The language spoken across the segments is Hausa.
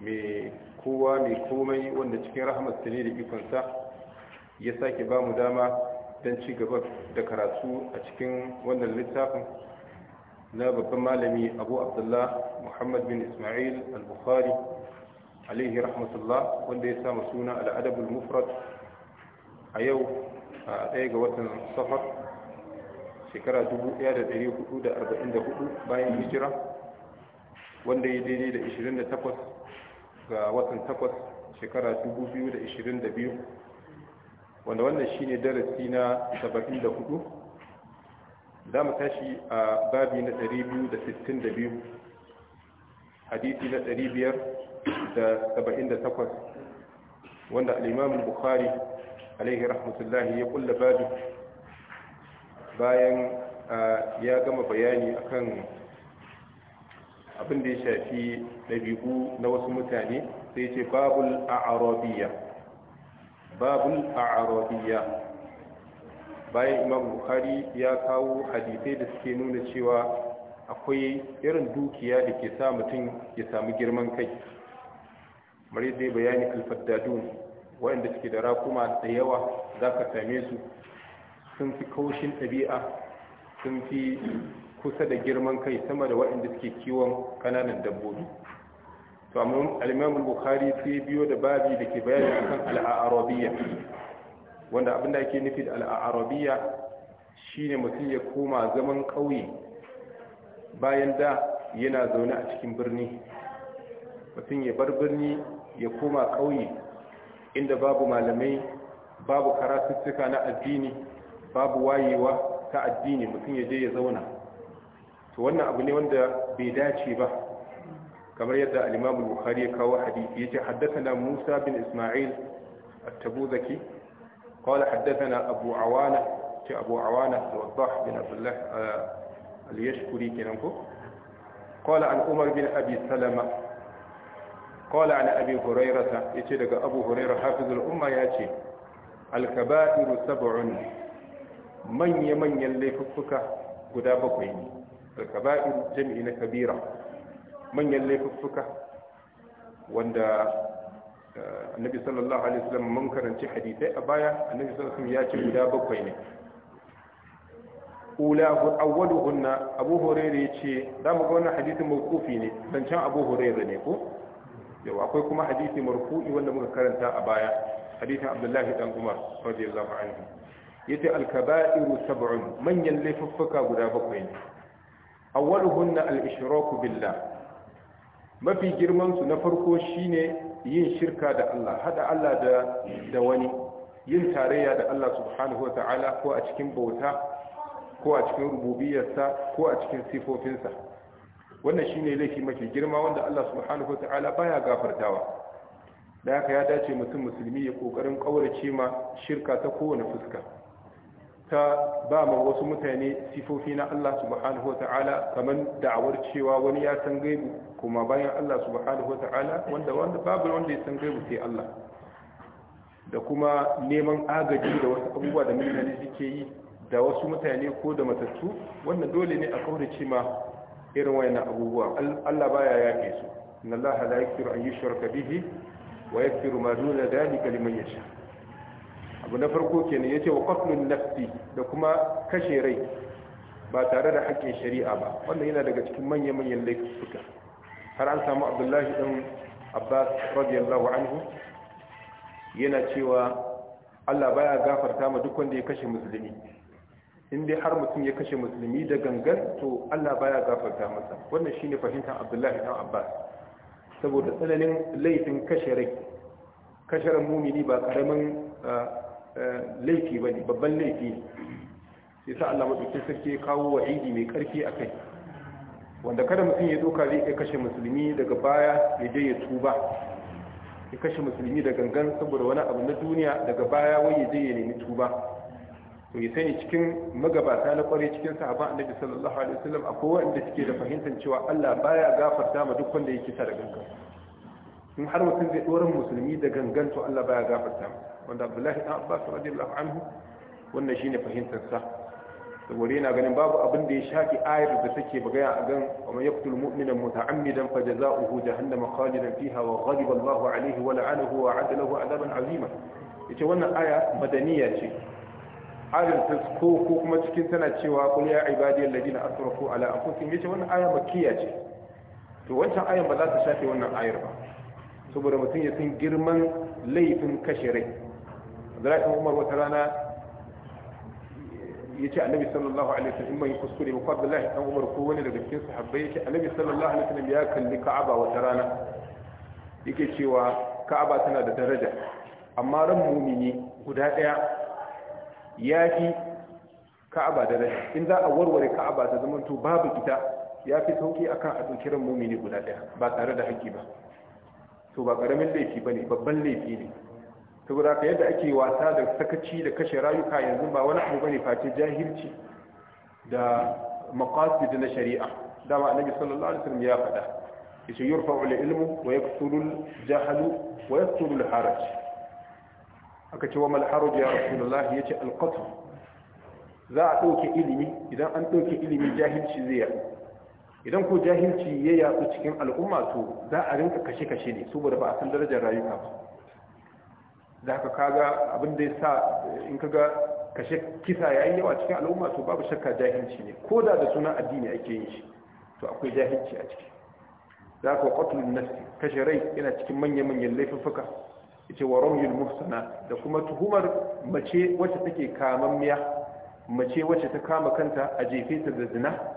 mai kowa mai komai wanda cikin rahmat ne da ikonsa ya sake ba mu dama don ci gaba da karatu a cikin wannan littafin na babban malami abu abdullah muhammad bin ismail al-bukhari alaihi rahmatullah wanda ya samu suna al'adabul mufrad a yau a ɗaya ga watan safar shekara 1444 bayan hijira wanda ya daidai da 28 ga watan takwas shekara 2022 wanda wannan shi ne darasi na 74 za mu tashi a babi na 262 hadisi na 578 wanda alimamin bukhari alaihi rahmatullahi ya kulla babi bayan ya gama bayani akan abin da ya shafi ɗabi'u na wasu mutane sai ce babul a'arabiya babul a'arabiya bayan imam bukhari ya kawo hadisai da suke nuna cewa akwai irin dukiya da ke sa mutum ya samu girman kai Mare dai bayani alfaddadun waɗanda suke da rakuma da yawa za ka same su sun fi kaushin ɗabi'a sun fi kusa da girman kai sama da waɗanda suke kiwon kananan dabbobi to amma al-Imam Bukhari sai biyo da babi da ke bayani akan al-Arabiyya wanda abin da ake nufi da al-Arabiyya shine mutum ya koma zaman ƙauye bayan da yana zaune a cikin birni mutum ya bar birni ya koma ƙauye inda babu malamai babu karatuttuka na addini babu wayewa ta addini mutum ya je ya zauna to wannan abu ne wanda bai dace ba kamar yadda al-Imam Bukhari ya kawo ya ce haddathana Musa bin Isma'il at-Tabuzaki qala haddathana Abu Awana ce Abu Awana Waddah bin Abdullah uh, al-Yashkuri kenan ko qala an Umar bin Abi Salama qala an Abi ya ce daga Abu Hurairah hafizul umma yace al-kaba'iru sab'un manya-manyan laifuffuka guda bakwai ne al-kaba'ir jami'i na kabira manyan laifuffuka wanda eh, annabi sallallahu alaihi wasallam mun karanci hadisai a baya annabi sallallahu alaihi wasallam ya ce guda bakwai ne ulahu awwaluhunna abu hurairah yace mu ga wannan hadisi mawqufi ne zancan abu hurairah ne ko yau akwai kuma hadisi marfu'i wanda muka karanta a baya hadisin abdullahi dan umar radiyallahu anhu yace al-kaba'iru sab'un manyan laifuffuka guda bakwai ne awwaluhunna al-ishraku billah mafi girman su na farko shine yin shirka da Allah hada Allah da da wani yin tarayya da Allah subhanahu wa ta'ala ko a cikin bauta ko a cikin rububiyarsa ko a cikin sifofinsa wannan shine laifi mafi girma wanda Allah subhanahu wa ta'ala baya gafartawa da haka ya dace mutum musulmi ya kokarin kaurace ma shirka ta kowane fuska ta ba ma wasu mutane sifofi na Allah subhanahu wata'ala kamar da'awar cewa wani ya san gaibu kuma bayan Allah subhanahu wata'ala wanda wanda babu wanda ya san gaibu sai Allah da kuma neman agaji da wasu abubuwa da mutane suke yi da wasu mutane ko da matattu wannan dole ne a kaurace ma irin wayannan abubuwa Allah baya yafe su inna Allah la yaghfiru an yushraka bihi wa yaghfiru ma duna dhalika liman yasha abu na farko kenan yace wa qatlun nafsi da kuma kashe rai ba tare da haƙƙin shari'a ba wannan yana daga cikin manya-manyan laifuka har an samu abdullahi ɗan abbas radiyallahu anhu yana cewa allah baya gafarta ma duk wanda ya kashe musulmi in dai har mutum ya kashe musulmi da gangan to allah baya gafarta masa wannan shine fahimtar abdullahi ɗan abbas saboda tsananin laifin kashe rai kashe mumini ba ƙaramin ah, laifi ba ne babban laifi sai sa Allah maɗauki sarki ya kawo wa idi mai ƙarfi a kai wanda kada mutum ya doka zai kashe musulmi daga baya ya je ya tuba ya kashe musulmi da gangan saboda wani abu na duniya daga baya wai ya je ya nemi tuba to ya sani cikin magabata na kwarai cikin sahaban annabi sallallahu alaihi wasallam akwai wanda suke da fahimtar cewa Allah baya gafarta ma duk wanda yake sa da gangan in har mutum zai doran musulmi da gangan to Allah baya gafarta wanda Abdullahi dan Abbas radiyallahu anhu wannan shine fahimtar sa saboda yana ganin babu abin da ya shafi ayar da take bagaya a gan wa yaqtul mu'mina muta'ammidan fajaza'uhu jahannam khalidan fiha wa ghadiba Allahu alayhi wa la'anahu wa 'adda lahu 'adaban 'azima yace wannan aya madaniya ce ayar ta ko ko kuma cikin tana cewa qul ya ibadiyal ladina asrafu ala anfusihim yace wannan aya makkiya ce to wancan ayar ba za ta shafe wannan ayar ba saboda mutum ya san girman laifin kashe rai abdullahi ibn umar wata rana ya ce annabi sallallahu alaihi wasallam in kuskure ba ko abdullahi ibn umar ko wani daga cikin sahabbai ya ce annabi sallallahu alaihi wasallam ya kalli ka'aba wata rana yake cewa ka'aba tana da daraja amma ran mumini guda daya ya fi ka'aba daraja in za a warware ka'aba ta zama to babu ita ya fi sauki akan a ɗauki ran mumini guda daya ba tare da haƙƙi ba to ba karamin laifi ne babban laifi ne saboda ka yadda ake wasa da sakaci da kashe rayuka yanzu ba wani abu bane face jahilci da maqasid na shari'a dama annabi sallallahu alaihi wasallam ya faɗa yace yurfa'u al-ilmu wa yaktulu al-jahlu wa yaktulu al-haraj aka ce wa mal haraj ya rasulullahi yace al-qatl za a ɗauki ilimi idan an ɗauki ilimi jahilci zai yaɗu idan ko jahilci ya yatsu cikin al'umma to za a rinka kashe-kashe ne saboda ba a san darajar rayuka ba za ka kaga abin da ya sa in kaga kashe kisa yayin yawa cikin al'umma to babu shakka jahilci ne ko da da sunan addini ake yin shi to akwai jahilci a ciki za ka kwatul nafsi kashe rai yana cikin manya-manyan laifuffuka yace wa ramyul muhsana da kuma tuhumar mace wacce take kamammiya mace wacce ta kama kanta a jefe ta da zina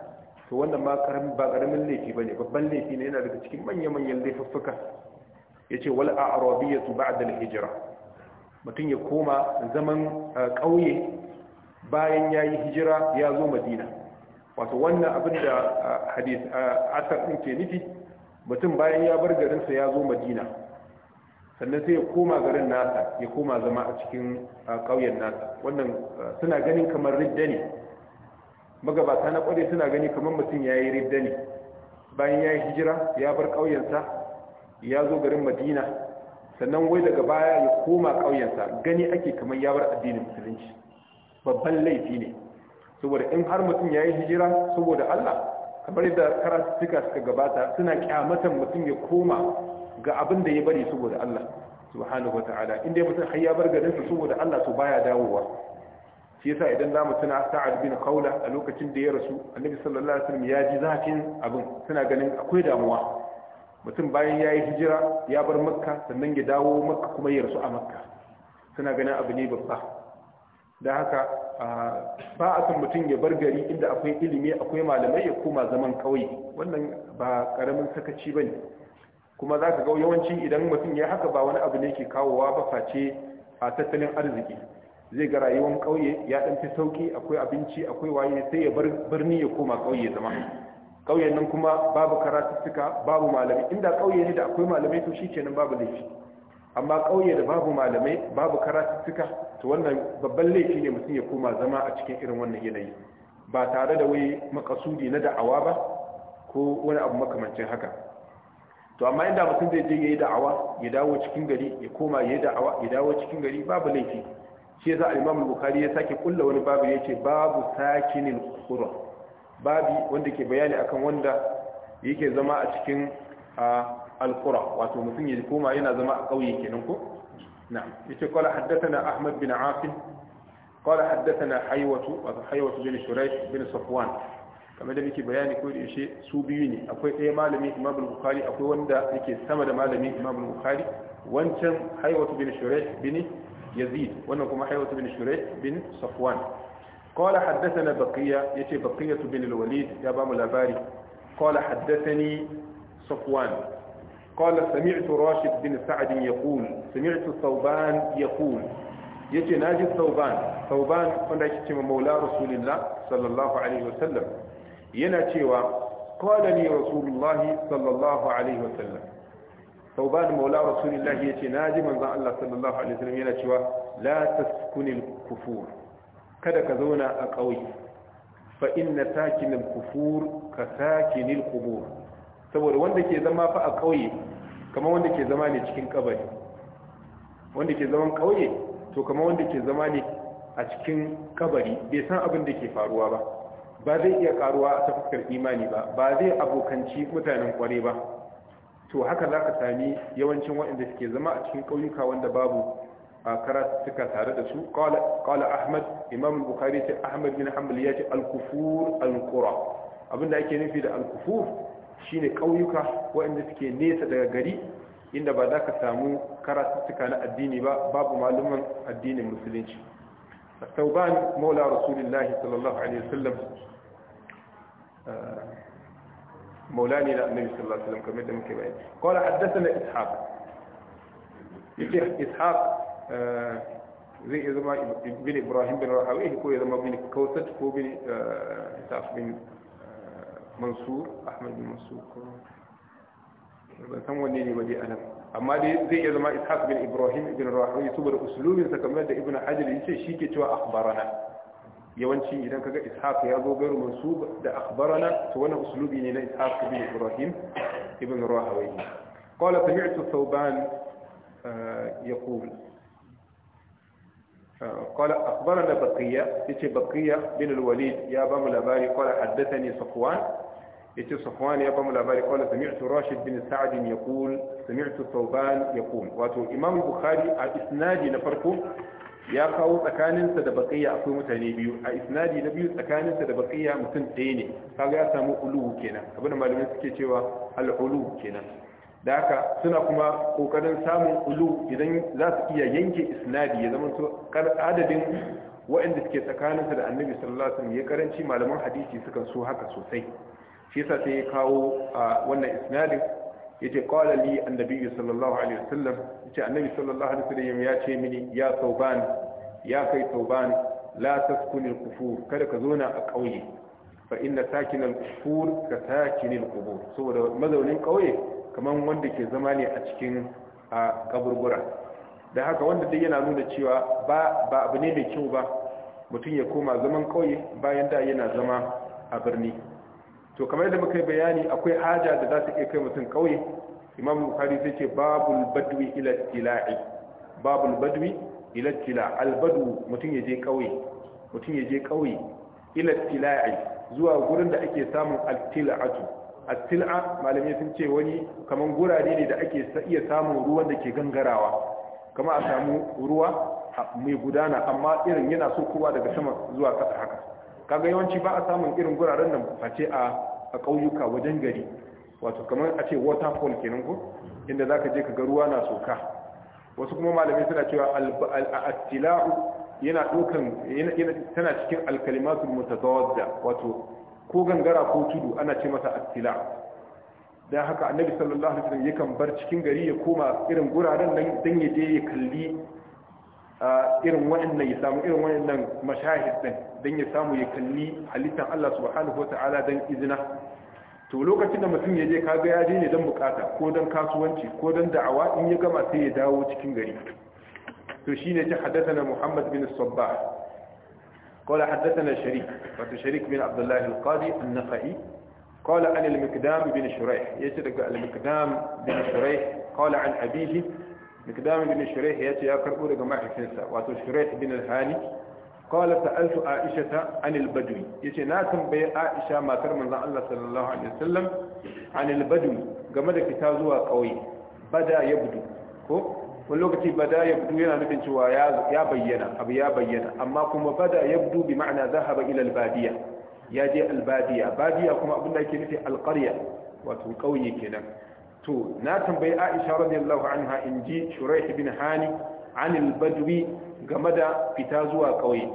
to wannan ma ba karamin laifi bane babban laifi ne yana daga cikin manya-manyan laifuffuka yace wal a'rabiyatu ba'da al-hijra mutun ya koma zaman kauye eh, bayan yayi hijira ya zo madina wato wannan abin da eh, hadith eh, asar din ke nufi mutum bayan ya bar garin sa ya zo madina sannan sai ya koma garin nasa ya koma zama a cikin kauyen nasa wannan suna ganin kamar riddani ne magabata na kware suna gani kamar mutum ya yi ridda ne bayan ya yi hijira ya bar ƙauyensa ya zo garin madina sannan wai daga baya ya koma ƙauyensa gani ake kamar ya bar addinin musulunci babban laifi ne saboda in har mutum ya yi hijira saboda allah kamar yadda cika suka gabata suna kyamatan mutum ya koma ga abin da ya bari saboda allah subhanahu wa ta'ala inda mutum har ya bar garinsa saboda allah su baya dawowa shi yasa idan zamu tuna sa'ad bin kaula a lokacin da ya rasu annabi sallallahu alaihi wasallam ya ji zakin abin suna ganin akwai damuwa mutum bayan ya yi hijira ya bar makka sannan ya dawo makka kuma ya rasu a makka suna ganin abu ne babba da haka ba a san mutum ya bar gari inda akwai ilimi akwai malamai ya koma zaman kauye wannan ba karamin sakaci bane kuma za ka ga yawanci idan mutum ya haka ba wani abu ne ke kawowa ba face a tattalin arziki zai ga rayuwar ƙauye ya ɗan fi sauƙi akwai abinci akwai waye sai ya bar birni ya koma ƙauye zama ƙauyen nan kuma babu karatuttuka babu malamai inda ƙauye ne da akwai malamai to shikenan babu laifi amma ƙauye da babu malamai babu karatuttuka to wannan babban laifi ne mutum ya koma zama a cikin irin wannan yanayi ba tare da wai makasudi na da'awa ba ko wani abu makamancin haka to amma inda mutum zai je yayi da'awa ya dawo cikin gari ya koma yayi da'awa ya dawo cikin gari babu laifi shi yasa al-Imam Bukhari ya sake kulla wani babu ya ce babu sakinin kura babi wanda ke bayani akan wanda yake zama a cikin al-qura wato mutum ya koma yana zama a kauye kenan ko na'am yace qala haddathana Ahmad bin Afin qala haddathana Haywatu wato Haywatu bin Shuraih bin Safwan kamar da muke bayani ko da yaushe su biyu ne akwai ɗaya malami Imam Bukhari akwai wanda yake sama da malami Imam Bukhari wancan Haywatu bin Shuraih bin yazid wannan kuma haywat bin shuraih bin safwan qala haddathana baqiya yace baqiyatu bin al-walid ya ba labari qala haddathani safwan قال سمعت راشد بن سعد يقول سمعت ثوبان يقول يجي ناجي ثوبان ثوبان wanda yake cewa maula rasulullah sallallahu alaihi yana cewa kola ni rasulullahi sallallahu alaihi sauban maula rasulullahi ya ce na ji manzan Allah sallallahu alaihi wasallam yana cewa la taskunil kufur kada ka zauna a ƙauye fa inna sakinil kufur ka sakinil qubur saboda wanda ke zama fa a ƙauye kamar wanda ke zama ne cikin kabari wanda ke zaman ƙauye to kamar wanda ke zama ne a cikin kabari bai san abin da ke faruwa ba ba zai iya karuwa ta fuskar imani ba ba zai abokanci mutanen kware ba to haka za ka sami yawancin waɗanda suke zama a cikin ƙauyuka wanda babu a karatuka tare da su ƙala ahmad imam bukari ce ahmad bin hanbal ya ce alkufur alkura abinda ake nufi da alkufur shine ƙauyuka waɗanda suke nesa daga gari inda ba za ka samu karatuka na addini ba babu malaman addinin musulunci tauban maula rasulullahi sallallahu alaihi wasallam مولاني لا النبي صلى الله عليه وسلم كما يتم قال حدثنا إسحاق يتيح إسحاق آه، زي إذا ما بن إبراهيم بن راهوي هو إذا ما بن كوسد هو بن آه، إسحاق بن آه، منصور أحمد بن منصور ثم ونيني ودي ألم أما زي إذا ما إسحاق بن إبراهيم بن راهوي يتوبر أسلوب إذا كما ابن حجر يتيح شيكي أخبرنا أخبارنا yawanci idan kaga ishaq ya zo gairu mansub da akhbarana to wannan uslubi ne na ishaq ibn ibrahim ibn rahawi qala sami'tu thawban uh, yaqul قال أخبرنا بقية إيش بقية بن الوليد يا بام الأباري قال حدثني صفوان إيش صفوان يا بام الأباري قال سمعت راشد بن سعد يقول سمعت ثوبان يقول واتو إمام البخاري على إسناد نفركم ya kawo tsakaninsa da baqiya akwai mutane biyu a isnadi na biyu tsakaninsa da baqiya mutum ɗaya ne kaga ya samu ulu kenan abin da malamai suke cewa al kenan da haka suna kuma kokarin samun ulu idan za su iya yanke isnadi ya zama to adadin waɗanda suke tsakaninsa da annabi sallallahu alaihi wasallam ya karanci malaman hadisi sukan so haka sosai shi yasa sai ya kawo wannan isnadin yace qala li annabi sallallahu alaihi wasallam yace annabi sallallahu alaihi wasallam ya ce mini ya tauban ya kai tauban la taskunil kufur kada ka zo na a kauye fa inna sakinal kufur ka sakinil qubur saboda mazaunin kauye kaman wanda ke zama ne a cikin a kaburbura da haka wanda dai yana nuna cewa ba ba abu ne mai kyau ba mutum ya koma zaman kauye bayan da yana zama a birni to kamar yadda muka yi bayani akwai haja da za su iya kai mutum kauye imam bukari sai ce babul badwi ila tila'i babul badwi ila tila al badu mutum ya je kauye mutum ya je kauye ila tila'i zuwa gurin da ake samun al tilatu al tila'a malamai sun ce wani kaman gurare ne da ake iya samun ruwan da ke gangarawa kama a samu ruwa mai gudana amma irin yana so kowa daga sama zuwa kasa haka kaga yawanci ba a samun irin guraren nan face a a ƙauyuka wajen gari wato kamar a ce waterfall kenan ko inda za ka je ka ga ruwa na soka wasu kuma malamai suna cewa al'attila'u yana yana tana cikin al-kalimatul mutatawadda wato ko gangara ko tudu ana ce masa attila dan haka annabi sallallahu alaihi wasallam yakan bar cikin gari ya koma irin guraren nan dan ya je ya kalli irin waɗannan ya samu irin waɗannan mashahid din don ya samu ya kalli halittar Allah subhanahu wata'ala don izina to lokacin da mutum ya je kaga ya je ne don bukata ko don kasuwanci ko don da'awa in ya gama sai ya dawo cikin gari to ne ta na Muhammad bin Sabbah قال حدثنا شريك وشريك بن عبد الله القاضي النخعي قال عن المقدام بن شريح يسرق المقدام bin شريح kawai عن أبيه مقدام بن شريح ياتي يا كربو daga mahaifinsa wato shuraih bin al-hani qala sa'altu aisha an al-badwi yace na tambaye aisha matar manzon Allah sallallahu an al game da fita zuwa kauye bada yabdu ko wani lokaci bada yabdu yana nufin cewa ya bayyana abu bayyana amma kuma bada yabdu bi ma'ana zahaba ila al-badiya ya je al-badiya badiya kuma abin da ake nufi al-qarya wato kauye kenan to na tambayi Aisha radiyallahu anha inji Shuraih bin Hani anil badwi game da fita zuwa ƙauye. kauye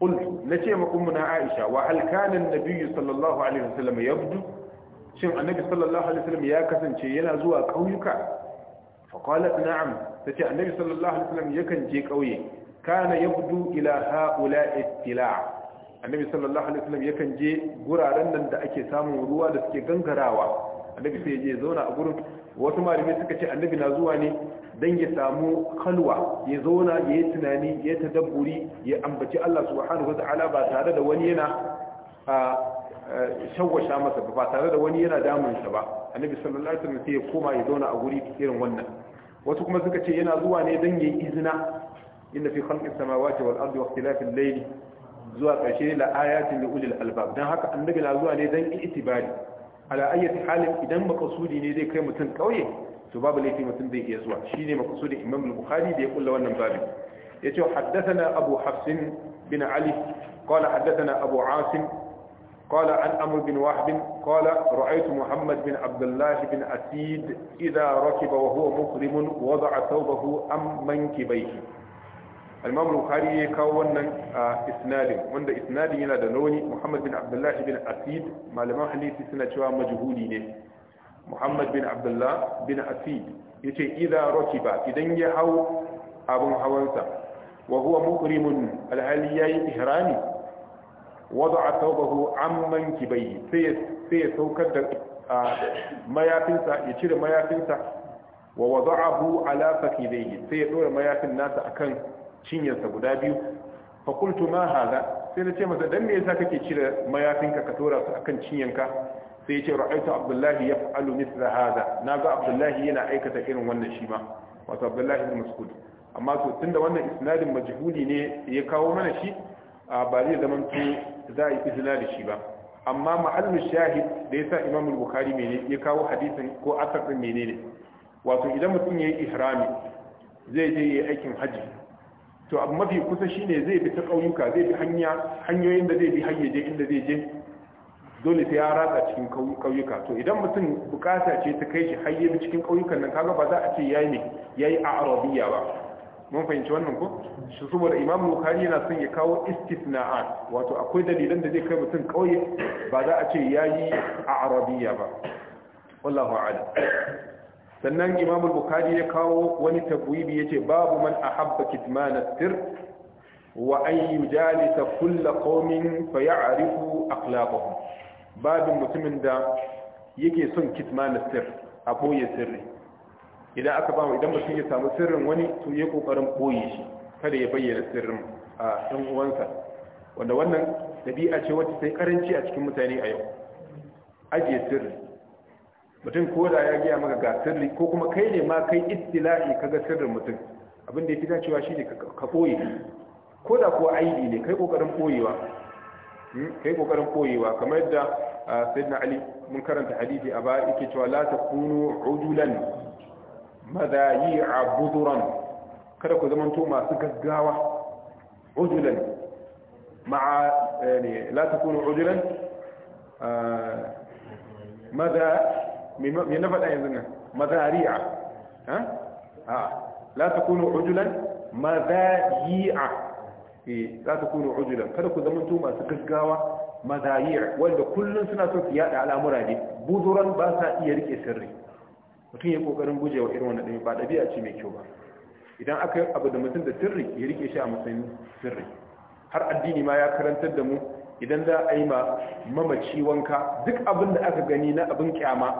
قلت نشي مقومنا عائشة وهل كان النبي صلى الله عليه ya يبدو shin annabi sallallahu alaihi wasallam ya kasance yana zuwa ƙauyuka? fa qalat na'am tace annabi sallallahu alaihi wasallam kan je ƙauye. kana yabdu ila haula ittila' annabi sallallahu alaihi wasallam yakan je guraren nan da ake samun ruwa da suke gangarawa annabi sai je zauna a gurin wasu malamai suka ce annabi na zuwa ne dan ya samu kalwa ya zauna ya yi tunani ya tadabburi ya ambaci Allah subhanahu wata'ala ba tare da wani yana shawwasha masa ba tare da wani yana damun sa ba annabi sallallahu alaihi wasallam sai ya koma ya zauna a guri irin wannan wasu kuma suka ce yana zuwa ne dan ya yi izina inna fi khalqis samawati wal ardi wa ikhtilafil layli zuwa ƙarshe la ayatin li ulil albab dan haka annabi na zuwa ne dan itibari ala ayyati halin idan makasudi ne zai kai mutum kauye to babu laifi mutum zai iya zuwa shine makasudin imam al-bukhari da ya kulla wannan babin yace haddathana abu hafs bin ali qala haddathana abu asim قال عن أمر bin وحب قال رأيت محمد بن عبد الله بن أسيد إذا ركب وهو مقرم وضع ثوبه أم منكبيه al buhari bukhari ya kawo wannan isnadin wanda isnadin yana da nauni muhammad bin abdullah bin asid malaman hadisi suna cewa majhuli ne muhammad bin abdullah bin asid yace idza rakiba idan ya hau abun hawansa wa huwa muhrimun al yayi ihrami wada'a thawbahu amman kibayhi sai sai saukar da mayafinsa ya cire mayafinsa wa wada'ahu ala fakidayhi sai ya dora mayafin nasa akan cinyarsa guda biyu fa ma hada sai na ce masa dan me yasa kake cire mayafinka ka tora su akan cinyanka sai ya ce ra'aitu abdullahi yaf'alu mithla hada naga abdullahi yana aikata irin wannan shi ma wato abdullahi ibn mas'ud amma to tunda wannan isnadin majhuli ne ya kawo mana shi ba zai zama to za a yi izina da shi ba amma mahallu shahid da yasa imam al-bukhari mene ya kawo hadisin ko asar din menene wato idan mutum yayi ihrami zai je yayi aikin haji to abu mafi kusa shi ne zai bi ta ƙauyuka zai bi hanyoyin da zai bi hayyaje inda zai je dole sai ya ratsa cikin ƙauyuka to idan mutum bukata ce ta kai shi hayye bi cikin ƙauyukan nan kaga ba za a ce yayi ne yayi a arabiya ba mun fahimci wannan ko shi saboda imam bukhari yana son ya kawo istisna'at wato akwai dalilan da zai kai mutum ƙauye ba za a ce yayi a arabiya ba wallahu a'lam sannan imam bukari ya kawo wani tabwibi yace babu man ahabba kitman as-sir wa an yujalisa kull qaumin fa ya'rifu akhlaqahum babin mutumin da yake son kitman as-sir a boye sirri idan aka ba idan mutum ya samu sirrin wani to ya kokarin boye shi kada ya bayyana sirrin a ɗan uwansa wanda wannan dabi'a ce wacce sai karanci a cikin mutane a yau ajiye sirri mutum ko da ya gaya maka ga sirri ko kuma kai ne ma kai istila'i kaga sirrin mutum abin da ya fi dacewa shi ne ka ɓoye ko da kuwa aibi ne kai ƙoƙarin ɓoyewa hmm? kai ƙoƙarin ɓoyewa kamar yadda sayyidina ali mun karanta hadisi a baya yake cewa la takunu ujulan madayi'a buduran kada ku zamanto masu gaggawa ujulan ma'a eh, la takunu ujulan mada me na faɗa yanzu nan mazari'a ha a la kunu ujulan mazari'a eh la kunu ujulan kada ku zama masu gaggawa mazari'a wanda kullun suna so su yada al'amura ne buzuran ba sa iya rike sirri mutum ya kokarin gujewa irin wannan din ba dabi'a ce mai kyau ba idan aka yi abu da mutum da sirri ya rike shi a matsayin sirri har addini ma ya karantar da mu idan za a yi ma mamaci wanka duk abin da aka gani na abin kyama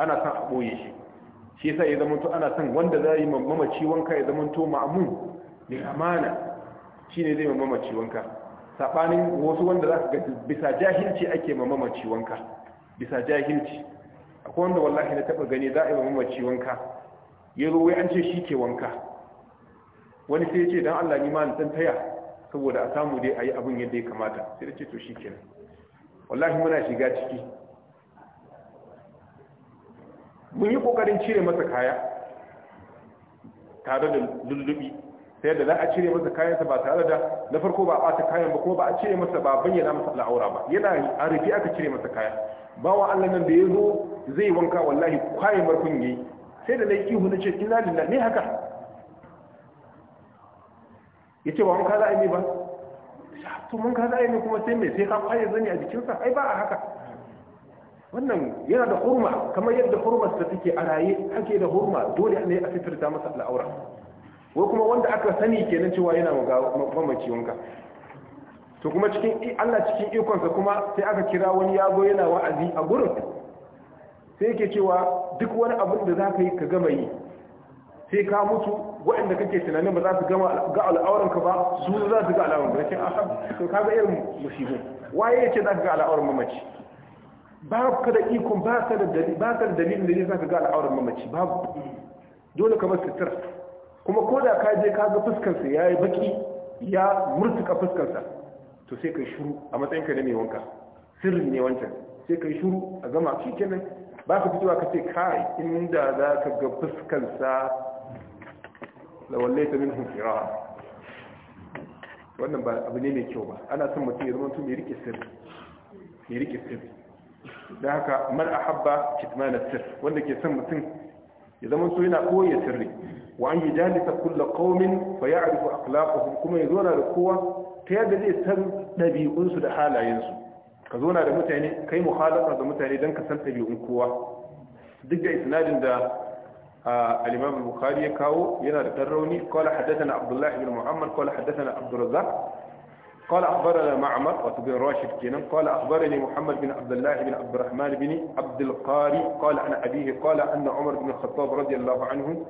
ana san a ɓoye shi shi yasa ya zamanto ana san wanda za yi mamaci wanka ya zamanto ma'amun da amana shine zai mamaci wanka sabanin wasu wanda za ka ga bisa jahilci ake mamaci wanka bisa jahilci akwai wanda wallahi na taɓa gani za a yi mamaci wanka ya zo wai an ce shi ke wanka wani sai ya ce don Allah ni na taya saboda a samu dai a yi abin yadda ya kamata sai da ce to shi kenan wallahi muna shiga ciki mun yi kokarin cire masa kaya tare da lullubi sai da za a cire masa kayansa ba tare da na farko ba a bata kayan ba kuma ba a cire masa ba bayyana masa al'aura ba yana a rufe aka cire masa kaya bawa Allah nan da ya zo zai wanka wallahi kwaye markun yi sai da hu ihu ce, ina lillahi ne haka Ya ce ba wanka za a yi ba ah, to mun ka za a yi kuma sai me sai ka kwaye zani a jikinsa ai ba a haka wannan yana da hurma kamar yadda hurmar ta take a raye ake da hurma dole ne a fitar da masa al'aura wai kuma wanda aka sani kenan cewa yana mamaci wanka to kuma cikin Allah cikin ikonsa kuma sai aka kira wani yago yana wa'azi a gurin sai yake cewa duk wani abu da zaka yi ka gama yi sai ka mutu waɗanda kake tunanin ba za su gama ga al'auranka ba su za su ga al'auranka ka kaga irin musibu waye yake za ka ga al'auran mamaci ba ka da ikon ba ka da dalilin da ne za ka ga al'auran mamaci babu dole ka bar sutura kuma ko da ka je ka ga fuskarsa ya yi baki ya murtuka fuskarsa to sai kai shiru a matsayin ka ne mai wanka sirri ne wancan sai kai shiru a gama shi kenan ba ka fitowa ka ce kai inda za ka ga fuskarsa la ta min hukira wannan ba abu ne mai kyau ba ana son mutum ya zama mutum mai rike sirri mai rike sirri da haka man ahabba kitman sir wanda ke son mutum ya zama so yana koya sirri wa an yujalisa kullu qaumin fa ya'rifu akhlaquhum kuma ya zona da kowa ta yadda zai san dabi'un da halayen su ka zona da mutane kai muhalafa da mutane dan ka san dabi'un kowa duk da isnadin da الإمام bukhari ya kawo الروني da حدثنا عبد الله بن محمد قال حدثنا عبد الرزاق قال أخبرنا معمر وتبين راشد كينا قال أخبرني محمد بن عبد الله بن عبد الرحمن بن عبد القاري قال عن أبيه قال أن عمر بن الخطاب رضي الله عنه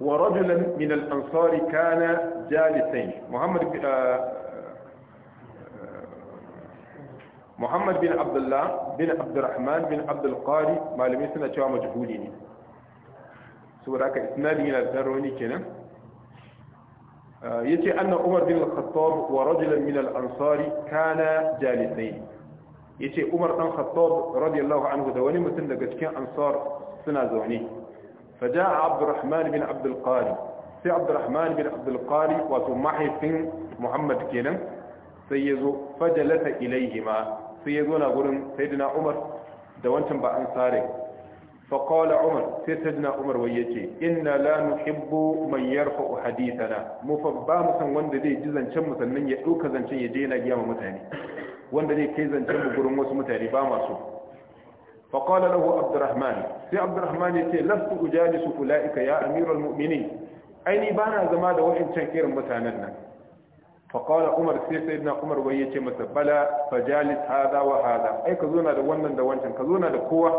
ورجلا من الأنصار كان جالسين محمد آه، آه، محمد بن عبد الله بن عبد الرحمن بن عبد القاري ما لم يسنى شوى مجهولين سورة إثنان من الزروني كنا yace anna umar bin al-khattab wa rajulan min al-ansari kana jalisain yace umar dan khattab radiyallahu anhu da wani mutum daga cikin ansar suna zaune faja'a عبد bin بن sai abdurrahman bin abdulkari wato mahaifin muhammad kenan sai yazo fajalata ilaihima sai yazo na gurin saidina umar da wancan ba an sare فقال عمر سيدنا عمر ويجي إن لا نحب من يرفع حديثنا مفبا مسن وند زي جزن can musannin ya ɗauka zancen ya je yana giya mutane wanda zai kai zancen gurin wasu mutane ba masu فقال له عبد الرحمن سي عبد الرحمن يتي لست أجالس أولئك يا أمير المؤمنين أيني بانا زما da wa'ancan irin mutanen nan فقال عمر سيدنا عمر ويجي masa bala fajalis hada wa hada ai ka zo na da wannan da wancan ka zo na da kowa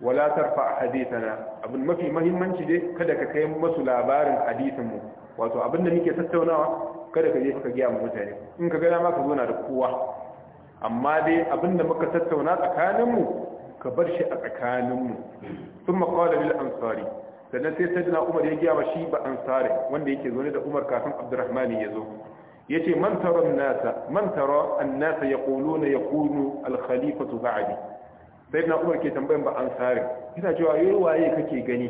wala tarfa hadithana abin mafi mahimmanci dai kada ka kai musu labarin hadisin mu wato abin da muke tattaunawa kada ka je ka ga mu mutane in ka ga ma ka zo na da kowa amma dai abin da muka tattauna tsakanin mu ka bar shi a tsakanin mu thumma qala lil ansari sannan sai sayyidina Umar ya giya shi ba ansari wanda yake zo ne da Umar kafin Abdurrahman ya zo yace man tara an-nasa man tara an-nasa yaquluna yakunu al-khalifatu ba'di sai na umar ke tambayin ba an ansarin yana cewa yi waye kake gani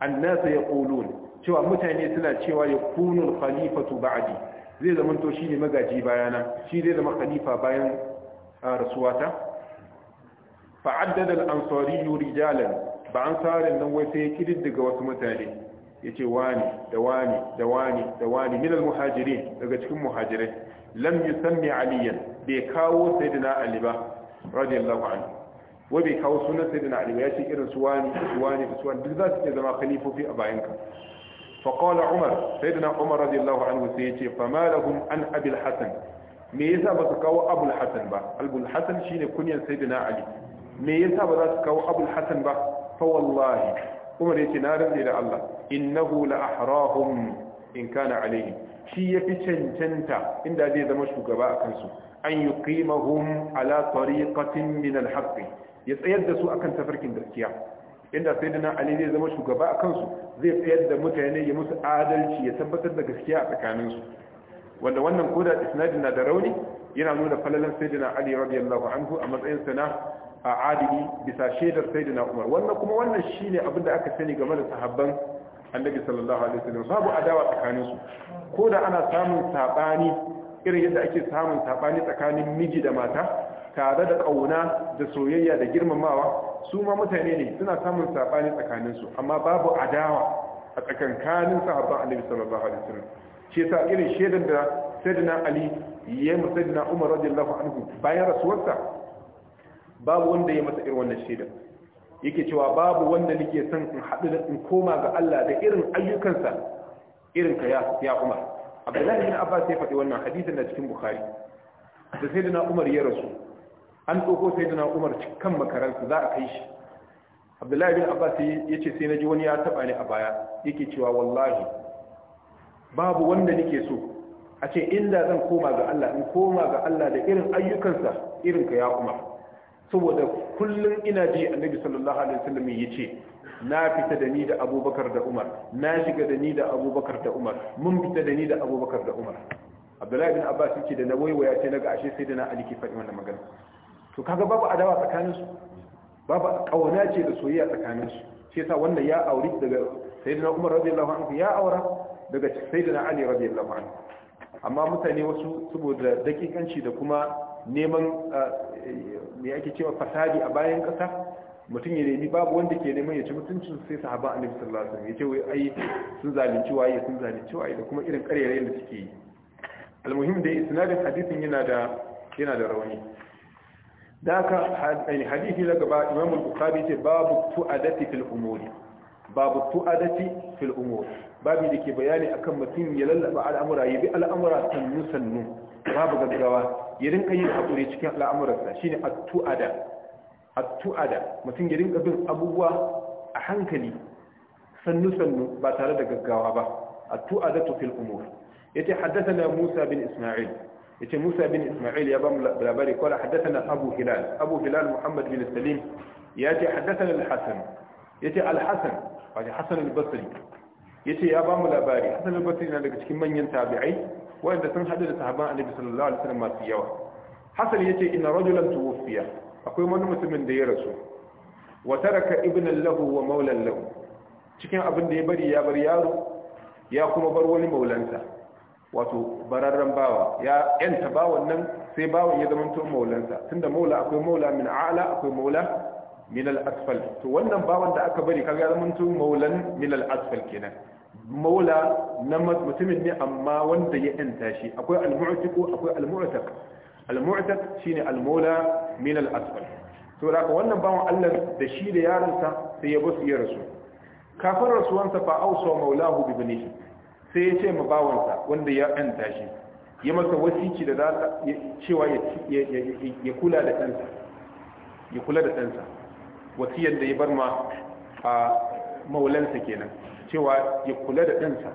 an nasa ya ƙolon cewa mutane suna cewa ya kunun khalifatu ba'adi zai zama to shi ne magaji bayana shi zai zama khalifa bayan rasuwata fa'addada al'ansari rijalan ba an tsarin nan wai sai ya daga wasu mutane ya ce wani da wani da wani da wani min muhajirin daga cikin muhajirai lam yusanni aliyan bai kawo sayyidina ali ba radiyallahu anhu wai bai kawo sunan sayyidina ali ba ya ce irin su wani su wani su wani duk za su iya zama khalifofi a bayan ka fa qala umar sayyidina umar radiyallahu anhu sai ya ce fa ma lahum an abil hasan me yasa ba su kawo abul hasan ba abul hasan shine kunyan sayyidina ali me yasa ba za su kawo abul hasan ba fa wallahi umar ya ce na rinde da Allah innahu la ahrahum in kana alayhi shi ya fi cancanta inda zai zama shugaba a kansu an yuqimahum ala tariqatin min al-haqq ya tsayar da su akan tafarkin gaskiya inda sai dana ali zai zama shugaba a kansu zai tsayar da mutane ya musu adalci ya tabbatar da gaskiya a tsakaninsu wanda wannan koda isnadi na da rauni yana nuna falalan sayyidina ali radiyallahu anhu a matsayin sana a adili bisa shaidar sayyidina umar wannan kuma wannan shine abin da aka sani game da sahabban annabi sallallahu alaihi wasallam babu adawa tsakaninsu koda ana samun sabani irin yadda ake samun sabani tsakanin miji da mata tare da ƙauna da soyayya da girmamawa su ma mutane ne suna samun saɓani tsakaninsu amma babu adawa a tsakankanin sahabban annabi sallallahu alaihi wasallam shi yasa irin shedan da sayyidina ali ya yi sayyidina umar radiyallahu anhu bayan rasuwarsa babu wanda ya masa irin wannan shedan yake cewa babu wanda nake son in haɗu da in koma ga Allah da irin ayyukansa irin ka ya Umar Abdullahi bin Abbas ya faɗi wannan hadisin da cikin Bukhari da sayyidina Umar ya rasu an ɗauko sai da umar kan makaransu za a kai shi abdullahi bin abbas ya ce sai na ji wani ya taɓa ni a baya yake cewa wallahi babu wanda nake so a ce inda zan koma ga allah in koma ga allah da irin ayyukansa irin ka ya umar saboda kullum ina ji annabi sallallahu alaihi wasallam ya ce na fita da ni da abubakar da umar na shiga da ni da abubakar da umar mun fita da ni da abubakar da umar abdullahi bin abbas ce da na waiwaya sai ga ashe sai da na aliki faɗi wannan magana to kaga babu adawa tsakaninsu babu kauna ce da soyayya tsakaninsu sai ta wannan ya auri daga sayyidina Umar radiyallahu anhu ya aura daga sayyidina Ali radiyallahu anhu amma mutane wasu saboda dakikanci da kuma neman eh, me ake cewa fasadi a bayan kasa mutum ya nemi babu wanda ke neman ya ci mutuncin sai sahaba annabi sallallahu alaihi wasallam yace wai ai sun zalunci waye sun zalunci waye da kuma irin ƙarerayen da suke yi almuhim dai isnadin hadisin yana da yana da rauni da haka hadisi na gaba imam al-bukhari ce babu tu'adati fil umuri babu tu'adati fil umuri babu da ke bayani akan mutum ya lallaba al'amura ya bi al'amura sannu sannu babu gaggawa ya rinka yin hakuri cikin al'amuransa shine at-tu'ada at-tu'ada mutum ya rinka bin abubuwa a hankali sannu sannu ba tare da gaggawa ba at-tu'adatu fil umur yace haddathana Musa bin Isma'il yace Musa bin Isma'il ya bamu labari qala haddathana Abu Hilal Abu Hilal Muhammad bin Salim yace haddathana Al-Hasan yace Al-Hasan wato Hasan al-Basri yace ya bamu labari Hasan al-Basri na daga cikin manyan tabi'ai wanda sun hadu da sahabban Annabi sallallahu alaihi wasallam masu yawa Hasan yace inna rajulan tuwfiya akwai wani mutumin da ya rasu wa taraka ibnan lahu wa maulan lahu cikin abin da ya bari ya bar yaro ya kuma bar wani maulansa wato bararren bawa ya yanta bawan nan sai bawan ya zama to maulansa tunda maula akwai maula min a'la akwai maula min al-asfal to wannan bawan da aka bari kaga ya zama to maulan min al-asfal kenan maula na mutumin ne amma wanda ya yanta shi akwai al-mu'tiqu akwai al-mu'taq al-mu'taq shine al-maula min al-asfal to da wannan bawan Allah da shi da yaronsa sai ya basu ya rasu kafin rasuwansa fa ausa maulahu bi banihi sai ya ce ma bawansa wanda ya anta shi ya masa wasiki da za cewa ya kula da ɗansa ya kula da ɗansa wasiyar da ya bar ma a maulansa kenan cewa ya kula da ɗansa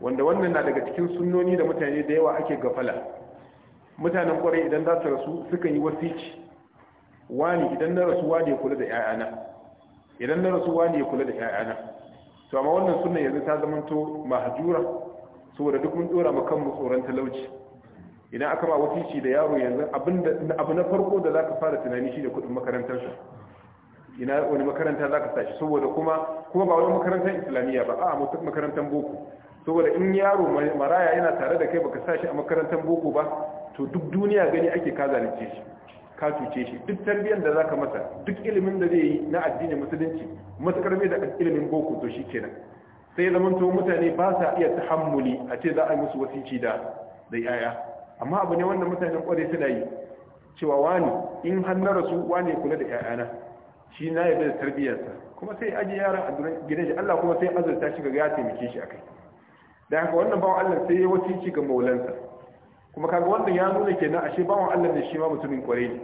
wanda wannan na daga cikin sunnoni da mutane da yawa ake gafala mutanen kwarai idan za su rasu suka yi wasiki wani idan na rasuwa ne ya kula da 'ya'yana idan na rasuwa ne ya kula da 'ya'yana to amma wannan sunan yanzu ta to mahjura saboda duk mun dora mu kanmu tsoron talauci idan aka ba wasici da yaro yanzu abinda abu na farko da zaka fara tunani shi da kudin makarantar sa ina wani makaranta zaka tashi saboda kuma kuma ba wani makarantar islamiyya ba a mutum makarantar boko saboda in yaro maraya yana tare da kai baka sa shi a makarantar boko ba to duk duniya gani ake ka zalunce shi ka cuce shi duk tarbiyyar da zaka masa duk ilimin da zai yi na addinin musulunci matakar mai da ilimin boko to shikenan sai zaman to mutane ba sa iya tahammuli a ce za a yi musu wasici da da yaya amma abu ne wanda mutanen kware suna yi cewa wani in har na rasu wani kula da yayana shi na yarda da tarbiyyarsa kuma sai aji yara a gidan shi Allah kuma sai azurta shi ga ya taimake shi akai dan haka wannan bawan Allah sai ya wasici ga maulansa kuma kaga wannan ya nuna kenan ashe bawan Allah ne shi ma mutumin kwarai ne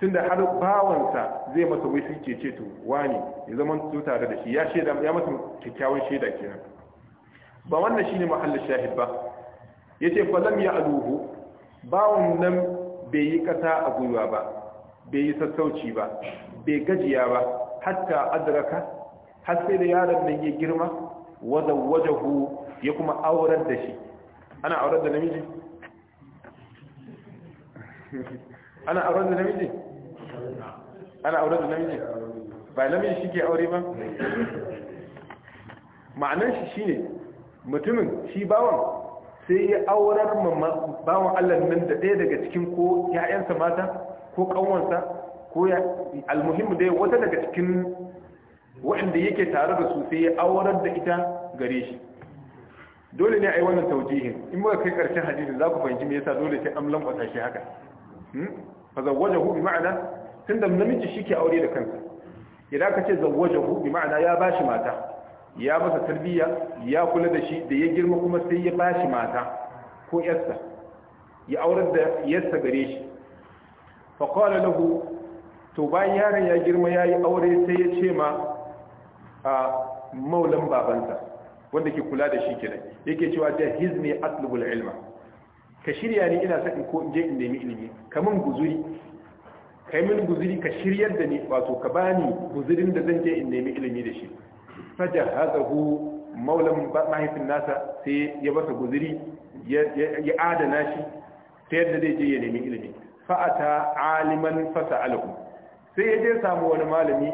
tunda har bawansa zai masa wai ke ce to wani ya zama to tare da shi ya sheda ya masa kyakkyawan sheda kenan ba wannan shine mahallin shahid ba yace fa lam ya'luhu bawan nan bai yi kasa a gwiwa ba bai yi sassauci ba bai gajiya ba hatta adraka har sai da yaron nan ya girma wa zawwajahu ya kuma aurar da shi ana aurar da namiji ana auren da namiji ana auren da namiji ba namiji shi ke aure ba ma'anar shi ne mutumin shi bawan sai ya aurar bawan Allah nan da ɗaya daga cikin ko ‘ya'yansa mata ko ƙanwansa ko ya almuhimmu dai wata daga cikin waɗanda yake tare da su sai ya aurar da ita gare shi dole ne a yi wannan taujihin in muka kai ƙarshen hadisin za ku fahimci me yasa dole sai an kwata shi haka Hmm? fa zawwajahu bi ma'ana tunda namiji shike aure da kansa idan ka ce zawwajahu bi ma'ana ya bashi mata ya masa tarbiyya ya kula da shi da ya girma kuma sai ya bashi mata ko yarsa ya aurar da yarsa gare shi fa qala lahu to bayan yaron ya girma yayi aure sai ya ce ma a maulan babansa wanda ke kula da shi kenan yake cewa jahizni atlubul ilma ka shirya ni ina saɗi ko in in nemi ilimi ka min guzuri kai min guzuri ka shiryar da ni wato ka bani guzurin da zan je in nemi ilimi da shi fajahazahu maulan mahaifin nasa sai ya basa guzuri ya adana shi ta yadda zai je ya nemi ilimi fa'ata aliman fasa fasa'alahu sai ya je samu wani malami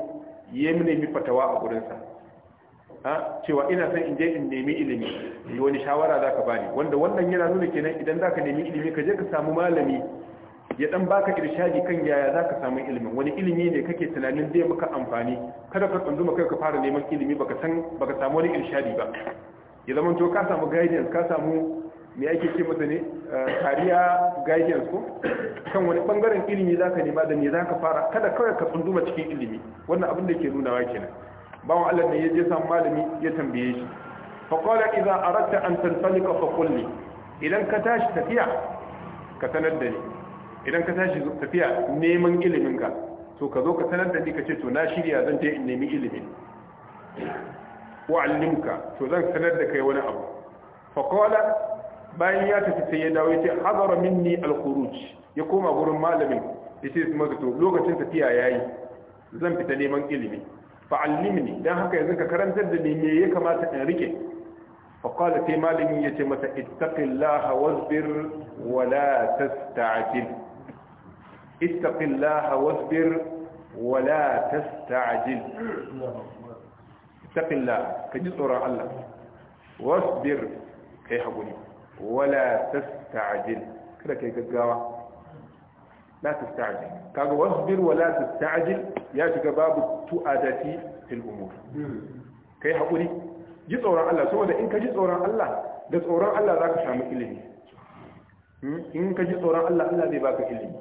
ya nemi fatawa a gurinsa cewa ina son in je in nemi ilimi yi wani shawara za ka bani wanda wannan yana nuna kenan idan za ka nemi ilimi ka je ka samu malami ya dan baka irshadi kan yaya za ka samu ilimin wani ilimi ne kake tunanin zai maka amfani kada ka tsundu kai ka fara neman ilimi baka san baka samu wani irshadi ba ya zama to ka samu guidance ka samu me ake ce masa ne eh, kariya guidance ko kan wani bangaren ilimi za ka nema da me za ka fara kada kawai ka tsunduma cikin ilimi wannan abin da ke nunawa kenan bawan Allah ne ya je san malami ya tambaye shi fa qala idza aradta an tanfalika fa qulli idan ka tashi tafiya ka sanar da ni idan ka tashi tafiya neman ilimin ka to ka zo ka sanar da ni ka ce to na shirya zan je in nemi ilimi wa allimka to zan sanar da kai wani abu fa qala bayan ya tafi sai ya dawo ya ce hadara minni al-khuruj ya koma gurin malamin yace maka to lokacin tafiya yayi zan fita neman ilimi fa'allimni dan haka yanzu ka karantar da ni ya kamata in rike fa qala sai malamin yace mata ittaqillaha wasbir wala la tasta'jil ittaqillaha wasbir wala la tasta'jil ittaqillaha ka ji tsoron Allah wasbir kai hakuri wa la tasta'jil kada kai gaggawa la tasta'jil kaga wasbir wala la tasta'jil ya shiga babu tu'adati fil umur kai hakuri ji tsoron Allah saboda in ka ji tsoron Allah da tsoron Allah zaka samu ilimi hmm? in ka ji tsoron Allah Allah zai baka ilimi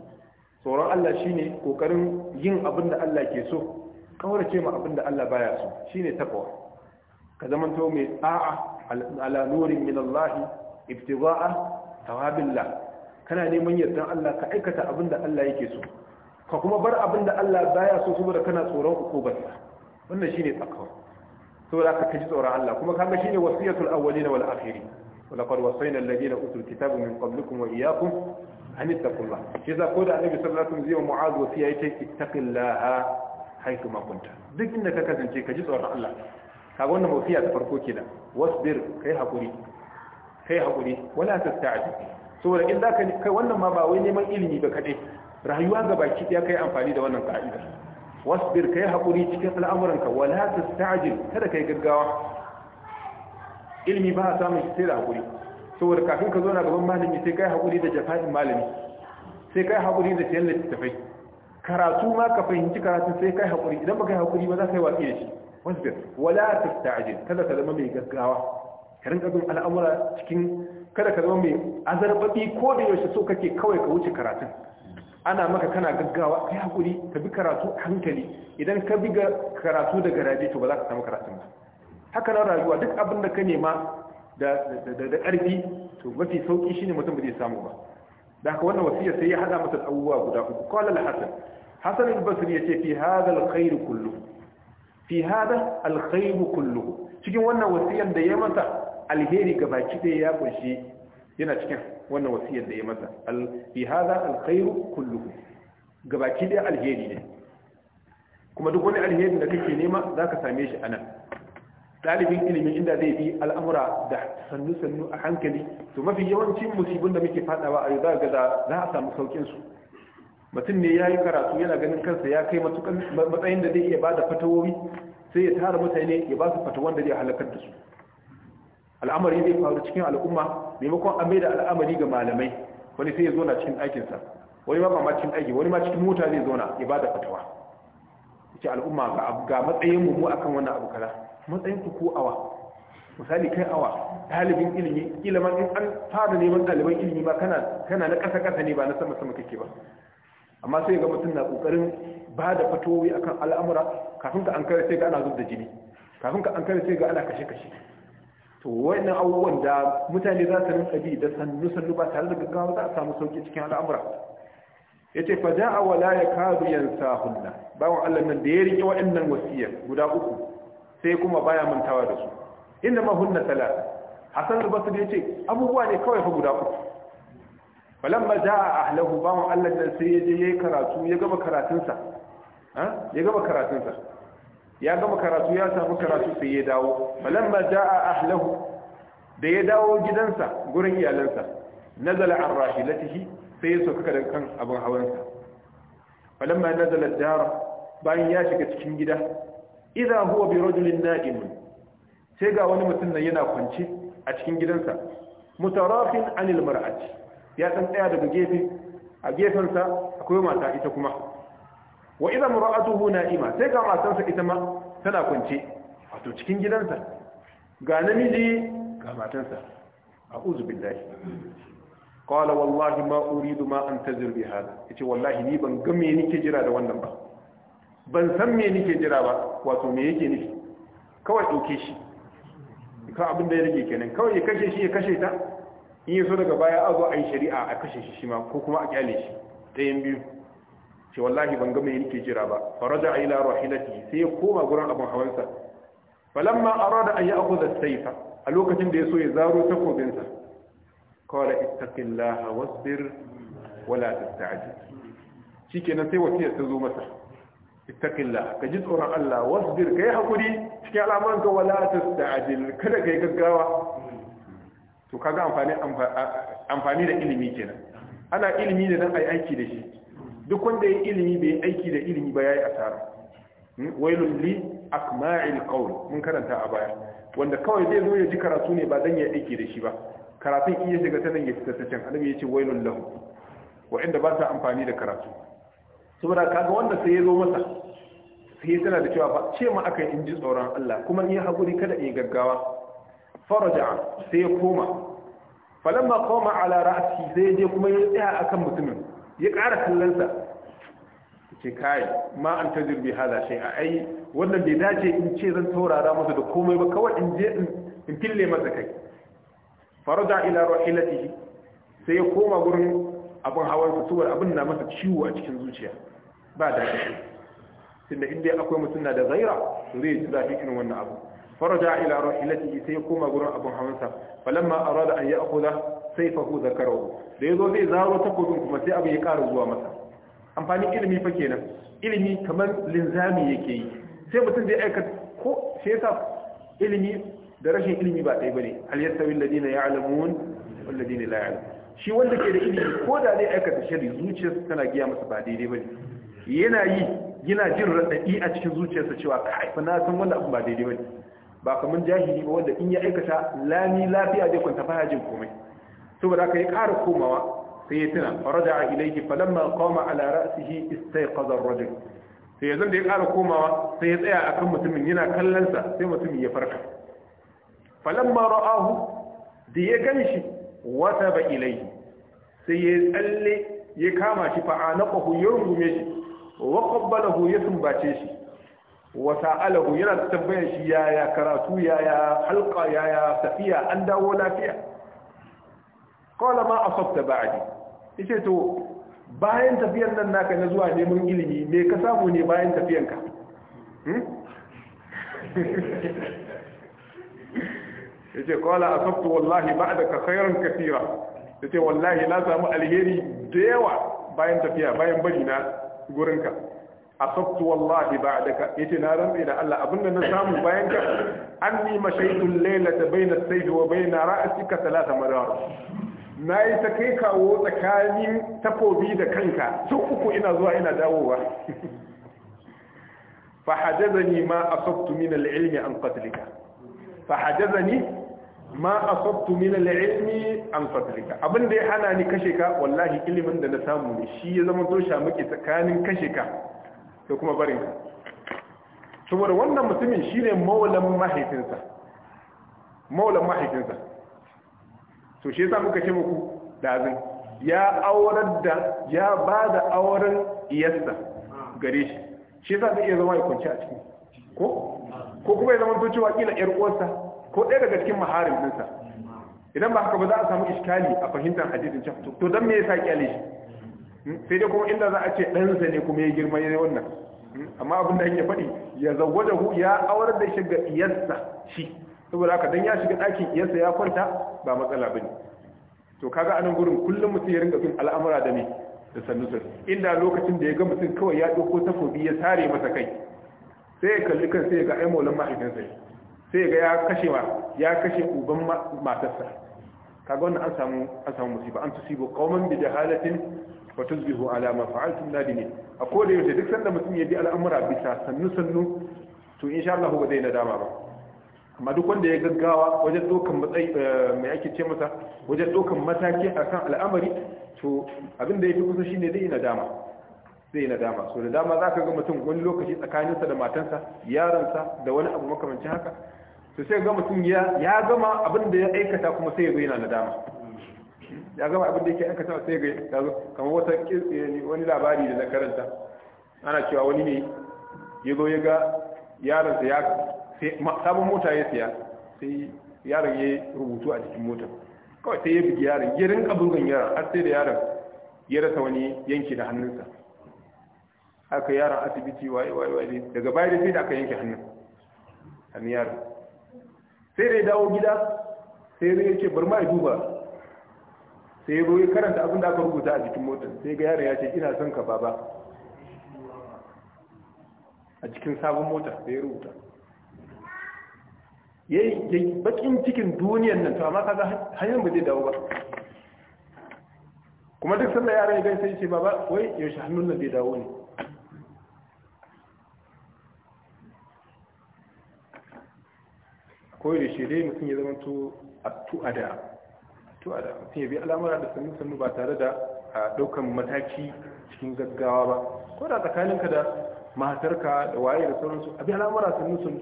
tsoron Allah shine kokarin yin abin da Allah ke so kaurace ma abin da Allah baya so shine takwa ka zamanto mai a'a ala nurin min Allah ibtida'a tawabillah kana neman yardan Allah ka aikata abin da Allah yake so ka kuma bar abin da Allah baya so saboda kana tsoron hukubarsa wannan shine tsakawa saboda ka kaji tsoron Allah kuma kaga shine wasiyatul awwalin wal akhirin ولقد وصينا الذين اوتوا الكتاب من قبلكم واياكم ان اتقوا الله كذا قال النبي صلى الله عليه وسلم معاذ وصيه يتي اتق الله حيث ما كنت duk inda ka kasance ka ji tsoron Allah kaga wannan wasiya ta farko kenan wasbir kai hakuri kai hakuri wala tasta'jil saboda in zaka kai wannan ma ba wai neman ilimi ba kadai rayuwa ga baki ya kai amfani da wannan ka'ida wasbir kai haƙuri cikin al'amuranka wala tastajil kada kai gaggawa Ilmi ba a samun shi sai da haƙuri saboda kafin ka zo na gaban malami sai kai haƙuri da jafa'in malami sai kai haƙuri da sayan littattafai karatu ma ka fahimci karatu sai kai haƙuri idan ba kai haƙuri ba za ka yi watsi da shi wasbir wala tastajil kada ka zama mai gaggawa ka rinka bin al'amura cikin kada ka zama mai azarbabi ko da yaushe so kake kawai ka wuce karatun ana maka kana gaggawa kai hakuri ka bi karatu hankali idan ka bi karatu da garaje to ba za ka samu karatun ba haka na rayuwa duk abin da ka nema da ƙarfi to mafi sauki shine mutum ba zai samu ba da haka wannan wasiya sai ya hada masa abubuwa guda uku qala al-hasan hasan al-basri ce fi hada alkhairu kullu fi hada alkhairu kullu cikin wannan wasiyan da ya masa alheri gabaki ɗaya ya kunshi yana cikin wannan wasiyar da ya masa fi hadha alkhairu kulluhu gabaki da alheri ne kuma duk wani alherin da kake nema zaka same shi anan dalibin ilimin inda zai bi al'amura da sannu sannu a hankali to mafi yawancin musibin da muke fadawa a yau za ga za a samu saukin su mutum ne yayi karatu yana ganin kansa ya kai matukan matsayin da zai iya bada fatawowi sai ya tara mutane ya ba su fatawan da zai halakar da su al'amari zai faru cikin al'umma maimakon a maida al'amari ga malamai wani sai ya zo na cikin aikinsa wani ma ba cikin aiki wani ma cikin mota zai zo na ya ba da fatawa ce al'umma ga matsayin mu mu akan wannan abu kaza matsayin ku ko awa misali kai awa ɗalibin ilimi ilimin in an fara neman ɗaliban ilimi ba kana kana na ƙasa ƙasa ne ba na sama sama kake ba amma sai ga mutum na ƙoƙarin ba da fatowi akan al'amura kafin ka an kare sai ga ana zub da jini kafin ka an kare sai ga ana kashe kashe to wannan abubuwan da mutane za su rinka bi da sannu sannu ba tare da gaggawa za a samu sauki cikin al'amura Ya ce fa ja'a wa la yan yansahunna bawo Allah nan da ya rike waɗannan wasiyar guda uku sai kuma baya mantawa da su inda ma hunna talata hasan al ya ce abubuwa ne kawai fa guda uku falamma ja'a ahlahu bawo Allah nan sai ya je ya yi karatu ya gaba karatunsa ya gaba karatunsa ya gama karatu ya samu karatu sai ya dawo falamma jaa ahlahu da ya dawo gidansa gurin iyalansa nazala an rahilatihi sai ya sauka daga kan abin hawansa falamma nazala dara bayan ya shiga cikin gida idza huwa bi rajulin na'im sai ga wani mutum nan yana kwance a cikin gidansa mutarafin anil mar'ati ya tsantsaya daga gefe a gefensa akwai mata ita kuma wa idan mura'atuhu na'ima sai ga matarsa ita ma tana kwance wato cikin gidansa ga namiji ga a a'udhu billahi qala wallahi ma uridu ma antazir bi hada yace wallahi ni ban ga me nake jira da wannan ba ban san me nake jira ba wato me yake nufi kawai dauke shi ka abin da ya kenan kawai ya kashe shi ya kashe ta in yaso daga baya a zo a yi shari'a a kashe shi shi ma ko kuma a kyale shi yin biyu ce wallahi ban ga mai yake jira ba faraja ila rahilati sai ya koma gurin abun hawansa falamma arada an ya'khudha sayfa a lokacin da yaso ya zaro takobin sa qala ittaqillaha wasbir wala tasta'jil shikenan sai wasiya ta zo masa ittaqillaha ka ji tsoron Allah wasbir kai hakuri cikin al'amuran ka wala tasta'jil kada kai gaggawa to kaga amfani amfani da ilimi kenan ana ilimi ne dan ai aiki da shi duk wanda ya ilimi bai aiki da ilimi ba yayi asara hmm? wailun li akma'il qawl mun karanta a baya wanda kawai zai zo ya ji karatu ne ba dan ya aiki da shi ba karatun iya shiga ta dan ya fita ta can annabi ya ce wailun lahu inda ba ta amfani da karatu saboda kaga wanda sai ya zo masa sai tana da cewa ba ce ma aka in ji tsoron Allah kuma ni hakuri kada in gaggawa faraja sai ya koma falamma koma ala ra'si sai je kuma ya tsaya akan mutumin ya ƙara kallonsa ce kai ma an tajir bi hada shi a ai wannan bai dace in ce zan taurara masa da komai ba kawai in je in fille masa kai farada ila rahilatihi sai ya koma gurin abin hawan saboda abin na masa ciwo a cikin zuciya ba daɗi tunda inda akwai mutum na da zaira zai ji zafi irin wannan abu faraja ila rahilatihi sai ya koma gurin abin hawan hawansa falamma arada an ya'khudha fahu zakarau da yazo zai zaro takobin kuma sai abu ya ƙara zuwa masa amfani ilimi fa kenan ilimi kamar linzami yake yi sai mutum zai aika ko sai yasa ilimi da rashin ilimi ba ɗaya bane al yastawi alladina ya'lamun wal ladina la ya'lamun shi wanda ke da ilimi ko da zai aikata shari zuciyarsa tana giya masa ba daidai bane yana yi yana jin raɗaɗi a cikin zuciyarsa cewa kai fa na san wannan abu ba daidai bane ba kamar jahili ba wanda in ya aikata lami lafiya zai kwanta baya jin komai saboda aka yi ƙara komawa sai ya tuna faraja a ilaihi falamma qama ala ra'sihi istai ar-rajul sai yanzu da ya ƙara komawa sai ya tsaya akan mutumin yana kallon sa sai mutumin ya farka falamma ra'ahu da ya ganshi ba ilaihi sai ya tsalle ya kama shi fa anaqahu yurgume shi wa qabbalahu ya sumbace shi wa sa'alahu yana tambayar shi yaya karatu yaya halqa yaya tafiya an dawo lafiya qala ma a asabta ba'di ce to bayan tafiyar nan naka na zuwa neman ilimi me ka samu ne bayan tafiyanka hmm? yace qala asabtu wallahi ba da ka ba'daka khairan Ya ce wallahi na samu alheri da yawa bayan tafiya bayan bari na gurinka asabtu wallahi ba da ka? Ya ce na rantsi da Allah abinda na samu bayan ka nima mashaytu al-laylata bai na sayf wa bai na bayna ra'sika thalath marar na yi ta kai kawo tsakanin takobi da kanka sau uku ina zuwa ina dawowa fahajazani ma asabtu min al an qatlika fahajazani ma asabtu min al an qatlika abin da ya hana ni kashe ka wallahi ilimin da na samu ne shi ya zama to sha shamaki tsakanin kashe ka da kuma barin ka saboda wannan mutumin shi ne mahaifinsa maulan mahaifinsa to shi yasa muka ce muku dazin ya aurar da ya ba da auren iyasta gare shi shi yasa zai iya zama ya kwanci a ciki ko ko kuma ya zama to cewa kila yar uwarsa ko ɗaya daga cikin maharin ɗinsa idan ba haka ba za a samu iskali a fahimtar hadisin can to dan me yasa kyale shi hmm? sai dai kuma inda za a ce dan sa ne kuma ya girma ya wannan hmm? amma abin da yake faɗi ya hu ya aurar da shi ga iyasta shi saboda haka dan ya shiga ɗakin iyarsa ya kwanta ba matsala bane to kaga anan gurin kullum mutum ya ringa bin al'amura da ne da sannu inda lokacin da ya ga mutum kawai ya ɗauko takobi ya sare masa kai sai ya kalli kan sai ya ga ai maulan mahaifinsa sai ya ga ya kashe ma ya kashe uban matarsa kaga wannan an samu an samu musiba an tusibu qauman bi jahalatin wa tusbihu ala ma fa'altum nadimin a da yaushe duk sanda mutum ya bi al'amura bisa sannu sannu to insha Allah ba zai nadama ba amma duk wanda ya gaggawa wajen dokan matsayi eh, mai ake ce masa wajen dokan mataki kan al'amari to abin da ya fi kusa shine zai na dama zai na dama so da dama za ka ga mutum wani lokaci tsakaninsa da matansa yaransa da wani abu makamancin haka to sai ga mutum ya gama abin da ya aikata kuma sai ya zo yana nadama ya gama abin da yake aikata sai ga ya zo kamar wata eh, wani labari da na karanta ana cewa wani ne ya zo ya ga yaransa ya sabon mota ya siya sai yaron ya rubutu a cikin mota kawai sai ya bugi yaron ya rinka bugun yaron har sai da yaron ya rasa wani yanki da hannunsa aka yaron asibiti waye waye waye daga baya da sai da aka yanke hannun hannun yaron sai da ya dawo gida sai ya ce bar ma duba sai ya ya karanta abin da aka rubuta a cikin motar sai ga yaron ya ce ina son ka baba a cikin sabon mota sai ya rubuta yayi bakin cikin duniyar nan to amma kaga hanyar ba zai dawo ba kuma duk sallar yaran ya sai ce baba wai yaushe hannun nan zai dawo ne Akwai da shi dai mutum ya zama to a tu'ada tu'ada mutum ya bi al'amura da sannu sannu ba tare da a ɗaukan mataki cikin gaggawa ba ko da tsakaninka da matarka da waye da sauransu a bi al'amura sannu sannu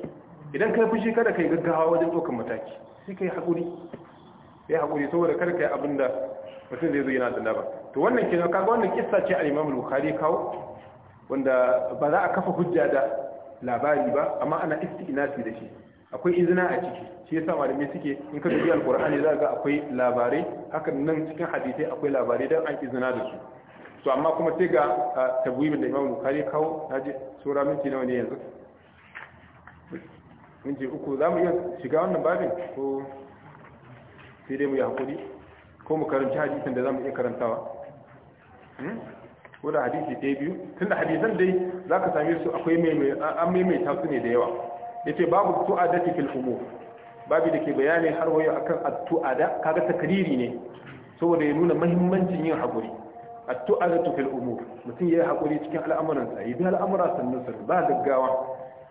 idan kai fushi kada kai gaggawa wajen ɗaukar mataki sai kai haƙuri kai haƙuri saboda kada kai abin da mutum zai zo yana da ba to wannan kenan ga wannan kissa ce a imam al-Bukhari kawo wanda ba za a kafa hujja da labari ba amma ana istinasi da shi akwai izina a ciki shi yasa malamai suke in ka dubi alqur'ani za ga akwai labarai hakan nan cikin hadisai akwai labarai dan an izina da su to amma kuma sai ga tabwibin da Imam Bukhari kawo naji sura minti nawa ne yanzu minti uku za mu iya shiga wannan babin ko sai dai mu yi hakuri ko mu karanci hadisin da za mu iya karantawa hmm? ko da hadisi ɗaya biyu tun da hadisan dai za ka same su akwai an maimaita su ne da yawa ya ce babu tu'adati fil umu babu da ke bayani har wayo akan at-tu'ada kaga takriri ne saboda ya nuna mahimmancin yin hakuri at da fil umur mutum ya yi hakuri cikin al'amuransa ya bi al'amura sannan sa ba gaggawa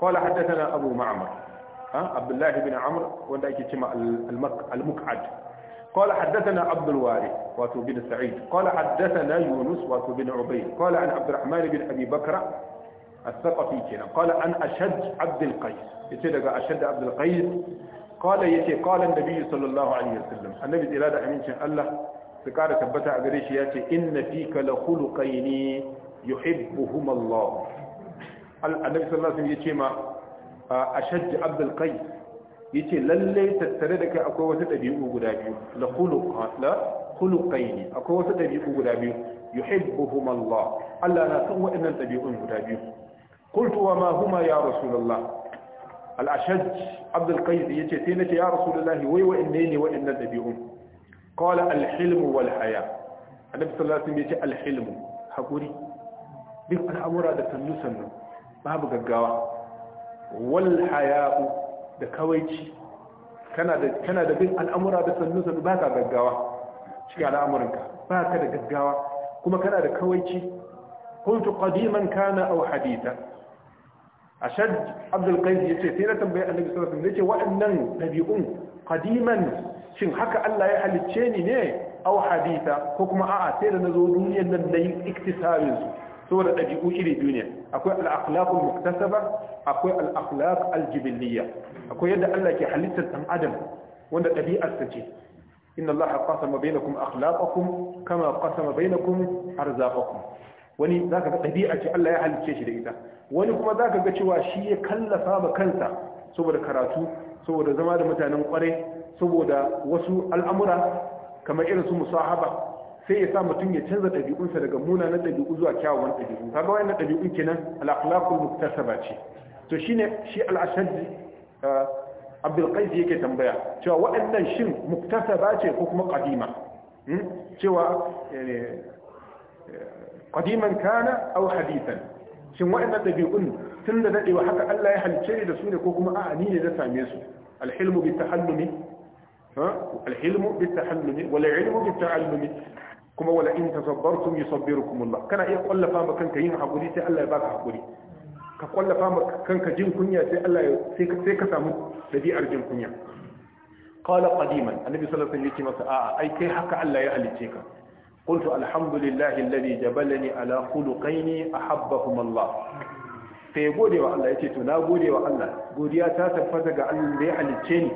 qala tana abu ma'mar abdullah ibn amr wanda ake cewa al-muqad قال حدثنا عبد الوارث واتو بن سعيد قال حدثنا يونس واتو بن عبيد قال عن عبد الرحمن بن ابي بكر الثقفي كنا قال عن اشد عبد القيس يتدغ اشد عبد القيس قال يتي قال النبي صلى الله عليه وسلم النبي الى ده امين الله فقال ثبتا غريش ياتي ان فيك لخلقين يحبهما الله النبي صلى الله عليه وسلم يتي ما ashajj abdul ya ce lallai tattare da kai akwai wata dabi'u guda biyu la khuluqa la khuluqain akwai wata dabi'u guda biyu yuhibbuhum Allah Allah na san waɗannan ɗabi'un guda biyu Kultuwa ma huma ya rasulallah al ashaj abdul qais yace sai ce ya rasulullah wai waɗanne ne waɗannan ɗabi'un qala alhilmu hilm wal haya annabi sallallahu alaihi wasallam yace al hilm hakuri duk al'amura da sannu sannu babu gaggawa wal haya'u da kawaici kana da kana da bin al'amura da sannu sannu ka gaggawa cikin al'amuranka ka da gaggawa kuma kana da kawaici kuntu qadiman kana aw haditha ashad abdul qais yace sai na tambaye annabi sallallahu alaihi wasallam yace wa'annan dabi'un qadiman shin haka Allah ya halicce ni ne aw haditha ko kuma a'a sai da nazo duniyar nan da yin iktisabin su saboda ɗabi'u iri biyu ne akwai al'akhlaqul muktasaba akwai al'akhlaq aljibiliyya akwai yadda Allah ke halittar ɗan adam wanda ɗabi'arsa ce inna Allah qasama bainakum akhlaqakum kama qasama bainakum arzaqakum wani zaka ga ɗabi'a ce Allah ya halicce shi da ita wani kuma zaka ga cewa shi ya kallafa ba kansa saboda karatu saboda zama da mutanen kware saboda wasu al'amura kamar irin su musahaba sai ya sa mutum ya canza ɗabi'unsa daga munanan ɗabi'u zuwa kyawawan ɗabi'u Ta kaga wayannan ɗabi'un kenan al-akhlaqul muktasaba ce to shine shi al-ashaddi eh, Abdul Qais yake tambaya cewa waɗannan shin muktasaba ce ko kuma qadima hmm? cewa eh, eh, qadiman kana aw hadithan shin waɗannan ɗabi'un tun da wa haka Allah ya halice da su ne ko kuma a'a ni ne da same su al-hilmu bi tahallumi الحلم بالتحلم والعلم بالتعلم kuma wala in tasabbartum yusabbirukum Allah kana iya kwallafa ma kanka yin hakuri sai Allah ya baka hakuri ka kwallafa ma kanka jin kunya sai Allah ya sai ka samu dabi'ar jin kunya qala qadiman annabi sallallahu alaihi wasallam masa a'a ai kai haka Allah ya halice ka قلت الحمد لله الذي جبلني على خلقين أحبهما الله sai gode wa Allah yace to na gode wa Allah godiya ta tabbata ga Allah da ya halicce ni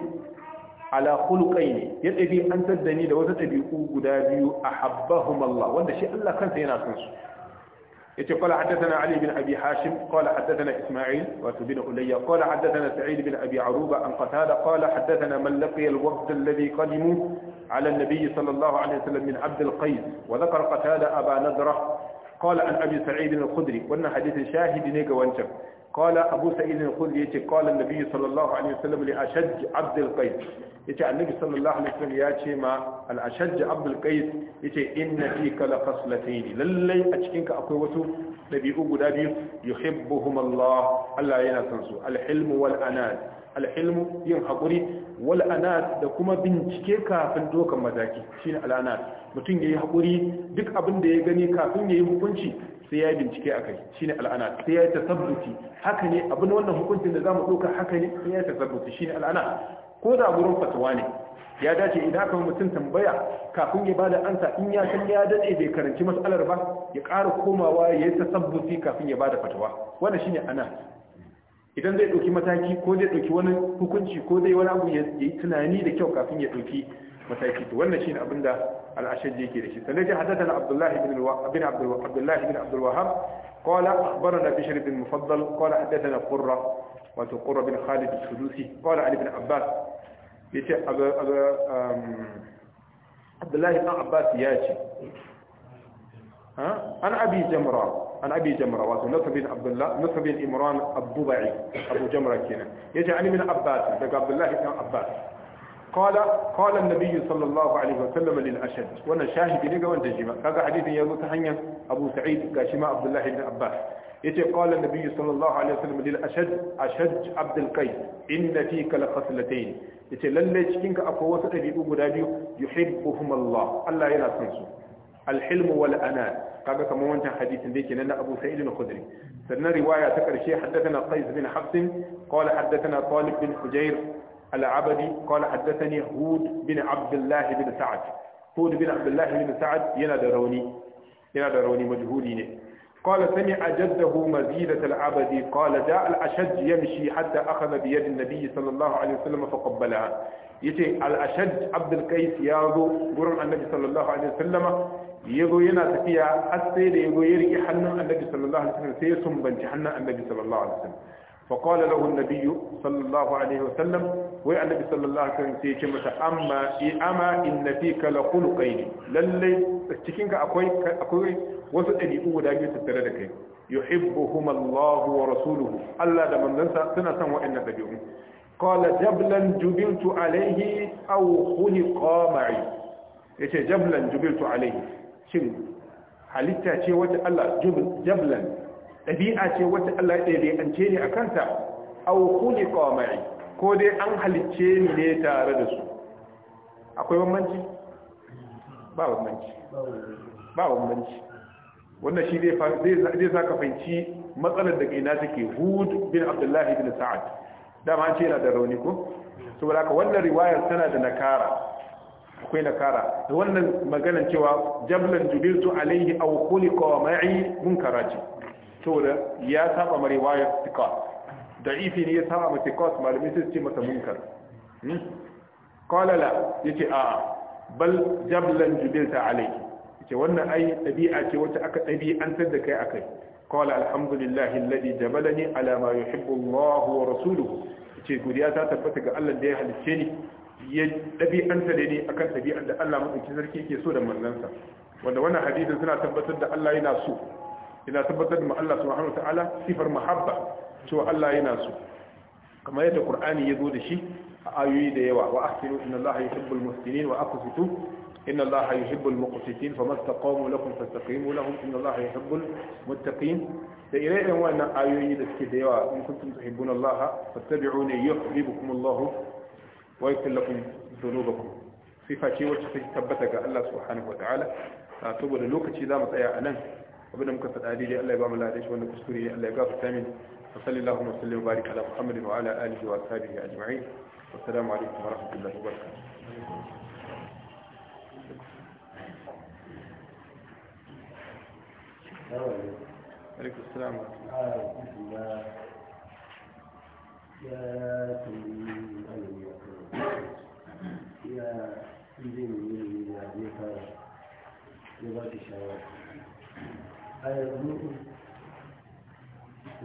ala khuluqaini ya dabi an taddani da wasu dabi'u guda biyu ahabbahum Allah wanda shi Allah kansa yana son su yace qala haddathana ali bin abi hashim qala haddathana isma'il wa bin ulayya qala haddathana sa'id bin abi aruba an qatada qala haddathana man laqiya al-waqt alladhi qadimu ala an-nabi sallallahu alayhi wasallam min abd al-qais wa dhakara qatada aba nadrah قال عن أبي سعيد الخدري وأن حديث شاهد نيجا وانشب قال أبو سعيد الخدري يتي قال النبي صلى الله عليه وسلم لأشج عبد القيس يتي النبي صلى الله عليه وسلم ياتي ما الأشج عبد القيس يتي إن فيك لخصلتين للي أشكنك أقوى وسو نبي أبو دابي يحبهم الله ألا ينسنسو الحلم والأناد الحلم ينحقري والأناد دكما بنتكيك في الدوكا مزاكي شين الأناد mutum ya yi haƙuri duk abin da ya gani kafin ya yi hukunci sai ya yi bincike a kai shi ne al'ana sai ya yi tasabbuti haka ne abin wannan hukuncin da za mu ɗauka haka ne sai ya yi tasabbuti shi ne al'ana ko da wurin fatawa ne ya dace idan aka mutum tambaya kafin ya bada ansa in ya san ya dace bai karanci matsalar ba ya ƙara komawa ya yi tasabbuti kafin ya bada fatawa wannan shi ne ana idan zai ɗauki mataki ko zai ɗauki wani hukunci ko zai wani abu ya yi tunani da kyau kafin ya ɗauki mataki to wannan shi ne abin da الأشجي كيرشي سنجي حدثنا عبد الله بن الو... بن عبد الو... عبد الله بن عبد الوهاب قال أخبرنا بشر بن مفضل قال حدثنا قرة وتقرة بن خالد السدوسي قال عن ابن عباس يتي أب... أب... أم... عبد الله بن عباس ياتي ها عن أبي جمرة عن أبي جمرة واتو بن عبد الله نصر بن إمران الضبعي أبو جمرة كنا يجي عن ابن عباس عبد الله بن عباس قال قال النبي صلى الله عليه وسلم للأشد وانا شاهد لك وانت جمع كذا حديث يقول تحنيا أبو سعيد كاشماء عبد الله بن عباس يتي قال النبي صلى الله عليه وسلم للأشد أشد عبد القيس إن فيك لخصلتين يتي للي شكينك أكو وسط بيقو قدابي يحبهم الله الله يلا تنسو الحلم والأنان كذا كما وانت حديث ذيك لأن أبو سعيد الخدري سنة رواية تكر شيء حدثنا قيس بن حفص قال حدثنا طالب بن حجير العبدي قال حدثني هود بن عبد الله بن سعد هود بن عبد الله بن سعد ينا دروني مجهولين قال سمع جده مزيدة العبدي قال جاء الأشج يمشي حتى أخذ بيد النبي صلى الله عليه وسلم فقبلها yace al-ashad abdul qais ya zo wurin annabi sallallahu alaihi wasallama yazo yana tafiya har sai da yazo ya riki hannun annabi sallallahu alaihi wasallam sai ya sumbanci hannun annabi sallallahu alaihi wasallam fa qala lahu an sallallahu alaihi wai annabi sallallahu alaihi wasallam sai ya ce mata amma i eh, ama inna fika la khuluqain lalle cikin ka akwai akwai wasu dabi'u guda biyu tattare da kai yuhibbuhum allahu wa rasuluhu Allah da manzansa suna son wa'annan dabi'u qala jablan jubiltu alaihi aw khuliqa ma'i yace jablan jubiltu alaihi shin halitta ce wata Allah jablan dabi'a ce wata Allah ya dabi'ance ne akanta aw khuliqa ma'i ko dai an halicce ni ne tare da su akwai bambanci ba bambanci ba bambanci wannan shi zai sa ka fahimci matsalar da gina take hud bin abdullahi bin sa'ad dama an ce yana da rauni ko saboda baraka wannan riwayar tana da nakara akwai nakara da wannan maganar cewa jablan jubiltu alaihi aw khuliqa ma'i munkara to da ya saba ma riwayar tika da'ifi ne ya saba mace kawai malamai sai su ce masa munkar kwalala hmm? ya ce a bal jablan jubilta Ya ce wannan ai ɗabi'a ce wacce aka ɗabi'antar da kai a kai kwalala alhamdulillahi alladhi jabalani ala ya yuhibbu Allahu wa rasuluhu ce godiya ta tabbata ga Allah da ya halicce ni ya ɗabi'anta da ne akan ɗabi'an da Allah maɗauki sarki ke so da manzansa wanda wannan hadisin suna tabbatar da Allah yana so yana tabbatar da Allah subhanahu wa ta'ala sifar mahabba cewa Allah yana su kamar yadda Qur'ani ya zo da shi a ayoyi da yawa wa ahsinu inna Allaha yuhibbul muhsinin wa aqsitu inna Allaha yuhibbul muqsitin famastaqamu lakum fastaqimu lahum inna Allaha yuhibbul muttaqin da ire-iren wannan ayoyi da suke da yawa in kuntum tuhibbuna Allah fattabi'uni yuhibbukum Allah wa yaghfir lakum dhunubakum sifa ce wacce take tabbata ga Allah subhanahu wa ta'ala saboda lokaci za mu tsaya a nan abinda muka faɗa daidai Allah ya ba mu ladashi wanda kuskure Allah ya gafarta mini وصلى اللهم وسلم وبارك على محمد وعلى آله وأصحابه أجمعين والسلام عليكم ورحمة الله وبركاته عليكم السلام يا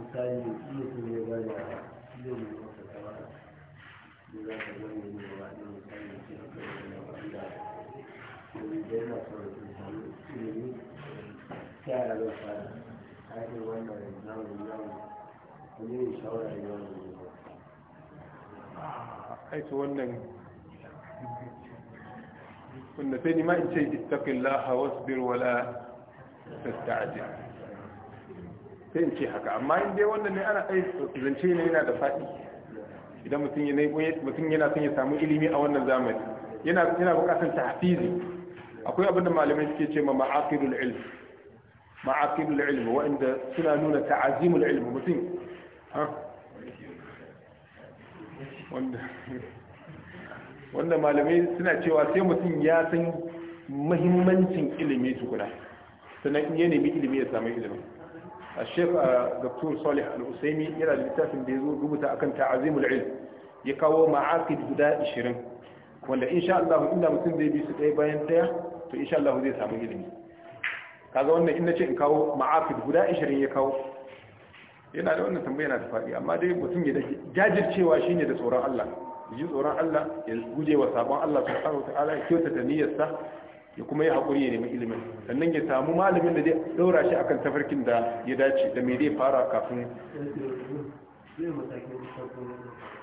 misali iya sun ne ba da iya ne wata kama da za ka zama ne ba da misali ke da kawai da wanda domin da yana son su samu ilimi ta yara zai fara haifin wannan zamanin yawon kuma yin shawara da yawon ne aiki wannan wanda sai ni ma in ce ittaqillaha wasbir wala tasta'jil sai in ce haka amma in dai wannan ne ana ai zance ne yana da faɗi idan mutum mutum yana son ya samu ilimi a wannan zamani yana yana buƙatar tahfizi akwai abin da malamai suke ce ma ma'aqidul ilm ma'aqidul ilm wa inda suna nuna ta'azimul ilm mutum ha wanda wanda malamai suna cewa sai mutum ya san muhimmancin ilimi tukuna sannan in ya nemi ilimi ya samu ilimi الشيخ دكتور صالح الأسيمي يرى للتاف بيزور قبطة أكن تعظيم العلم يكاو معاقد هداء الشرم wanda insha Allah inda mutum zai bi su ɗaya bayan ɗaya to insha zai samu ilimi kaga wannan in nace in kawo ma'afid guda 20 ya kawo yana da wannan tambaya yana da faɗi amma dai mutum ya dace jajircewa shine da tsoron Allah ji tsoron Allah ya guje wa sabon Allah subhanahu ya kyautata niyyarsa ya kuma yi haƙuri ya nemi ilimin sannan ya samu malamin da zai ɗora shi akan tafarkin da ya dace da me zai fara kafin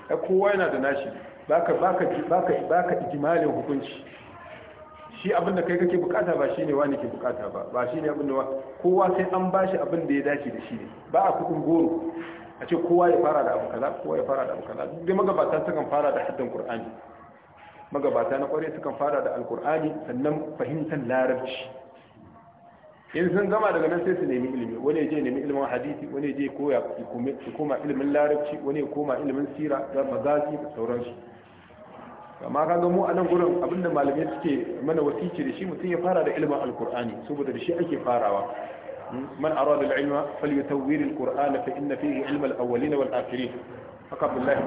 a kowa yana da nashi baka baka baka baka ijimalin hukunci shi abin da kai kake bukata ba shine wani ke bukata ba ba shine abin da kowa sai an bashi abin da ya dace da shi ne ba a kudin goro a ce kowa ya fara da abu kaza kowa ya fara da abu kaza duk da magabata sukan fara da haddan qur'ani magabata na kwarai sukan fara da alkur'ani sannan fahimtar larabci in sun gama daga nan sai su nemi ilimi wani je nemi ilimin hadisi wani je koya su koma ilimin larabci wani koma ilimin sira da mazazi da sauransu amma ka gamo mu a nan gurin abinda malamai suke mana wasici da shi mutum ya fara da ilimin alkur'ani saboda da shi ake farawa hmm? man arada al-ilma falyutawwir al-qur'ana fa inna fihi ilma al-awwalin wal-akhirin haka abdullahi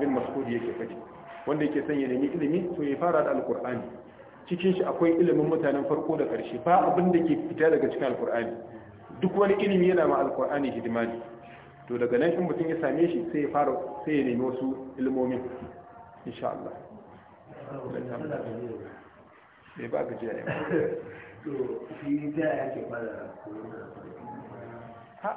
bin mas'ud yake faɗi wanda yake sanya ya nemi ilimi to ya fara da alkur'ani cikin shi akwai ilimin mutanen farko da karshe ba abin ke fita daga cikin alkur'ani duk wani ilimi yana ma alkur'ani hidima ne to daga nan in mutum ya same shi sai ya fara sai ya nemi wasu ilimomin insha Allah eh, ba ne ha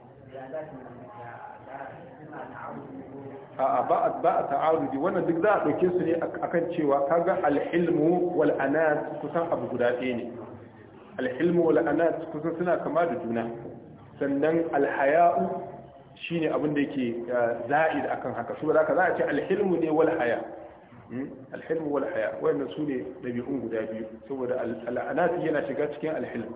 ba a ta'arudi wannan duk za a ɗauke su ne a kan cewa kaga alhilmu wal anat kusan abu guda ɗaya ne alhilmu wal kusan suna kama da juna sannan alhaya'u shine abin da yake eh, za'id kan haka su haka za a ce alhilmu ne wal haya hmm? alhilmu wal haya wannan su ne ɗabi'un guda biyu saboda al'anat yana shiga cikin alhilmu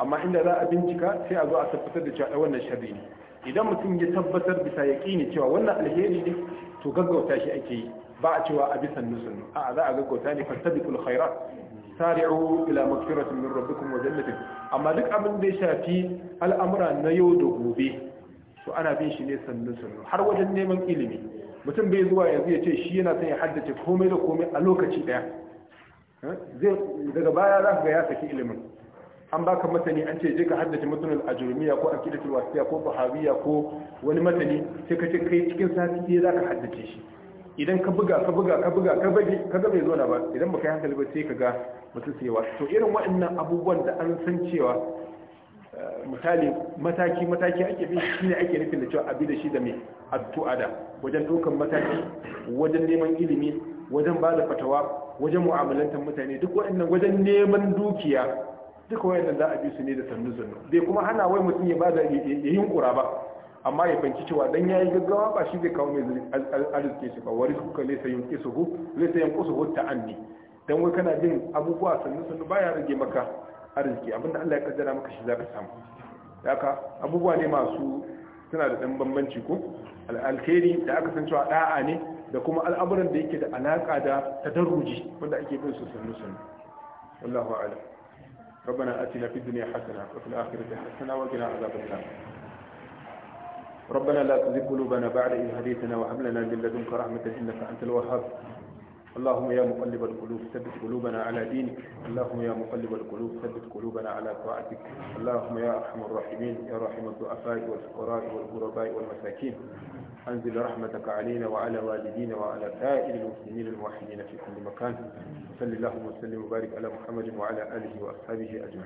amma inda za a bincika sai a zo a tabbatar da cewa wannan sharri ne idan mutum ya tabbatar bisa yaƙini cewa wannan alheri ne to gaggauta shi ake yi ba a cewa a bisan nusun a za a gaggauta ne fastabiqul khairat sari'u ila magfiratin min rabbikum wa jannatin amma duk abin da ya shafi al'amura na yau da gobe to ana bin shi ne sannu sannu har wajen neman ilimi mutum bai zuwa yanzu ya ce shi yana son ya haddace komai da komai a lokaci daya daga baya za ka ga ya saki ilimin an baka masani an ce je ka haddace mutunan ajurmiya ko akidatul wasiya ko bahawiya ko wani masani sai ka ce kai cikin sati sai zaka haddace shi idan ka buga ka buga ka buga ka bage ka ga bai zo ba idan baka yi hankali ba sai ka ga mutum sai wasu to irin waɗannan abubuwan da an san cewa eh, misali mataki mataki ake bi shine ake nufin da cewa abi da shi da mai addu'a da wajen dokan mataki wajen neman ilimi wajen ba da fatawa wajen mu'amalantar mutane duk waɗannan wajen neman dukiya duka wayannan za a bi su ne da sannu sannu bai kuma hana wai mutum ya bada ya kura ba amma ya fanci cewa dan yayi gaggawa ba shi zai kawo mai arziki shi ba wari kuka laysa yin kusuhu ta anni dan wai kana jin abubuwa sannu sannu baya rage maka arziki abinda Allah ya kaddara maka shi zaka samu haka abubuwa ne masu suna da dan bambanci ko alkhairi da aka san cewa da'a ne da kuma al'amuran da yake da alaka da tadarruji wanda ake bin su sannu sannu wallahu a'lam ربنا أتنا في الدنيا حسنة وفي الآخرة حسنة وقنا عذاب النار ربنا لا تزغ قلوبنا بعد إذ هديتنا وهب لنا من لدنك رحمة إنك أنت الوهاب اللهم يا مقلب القلوب ثبت قلوبنا على دينك اللهم يا مقلب القلوب ثبت قلوبنا على طاعتك اللهم يا أرحم الراحمين يا رحم الضعفاء والفقراء والغرباء والمساكين أنزل رحمتك علينا وعلى والدينا وعلى سائر المسلمين الموحدين في كل مكان صلى الله وسلم وبارك على محمد وعلى آله وأصحابه أجمعين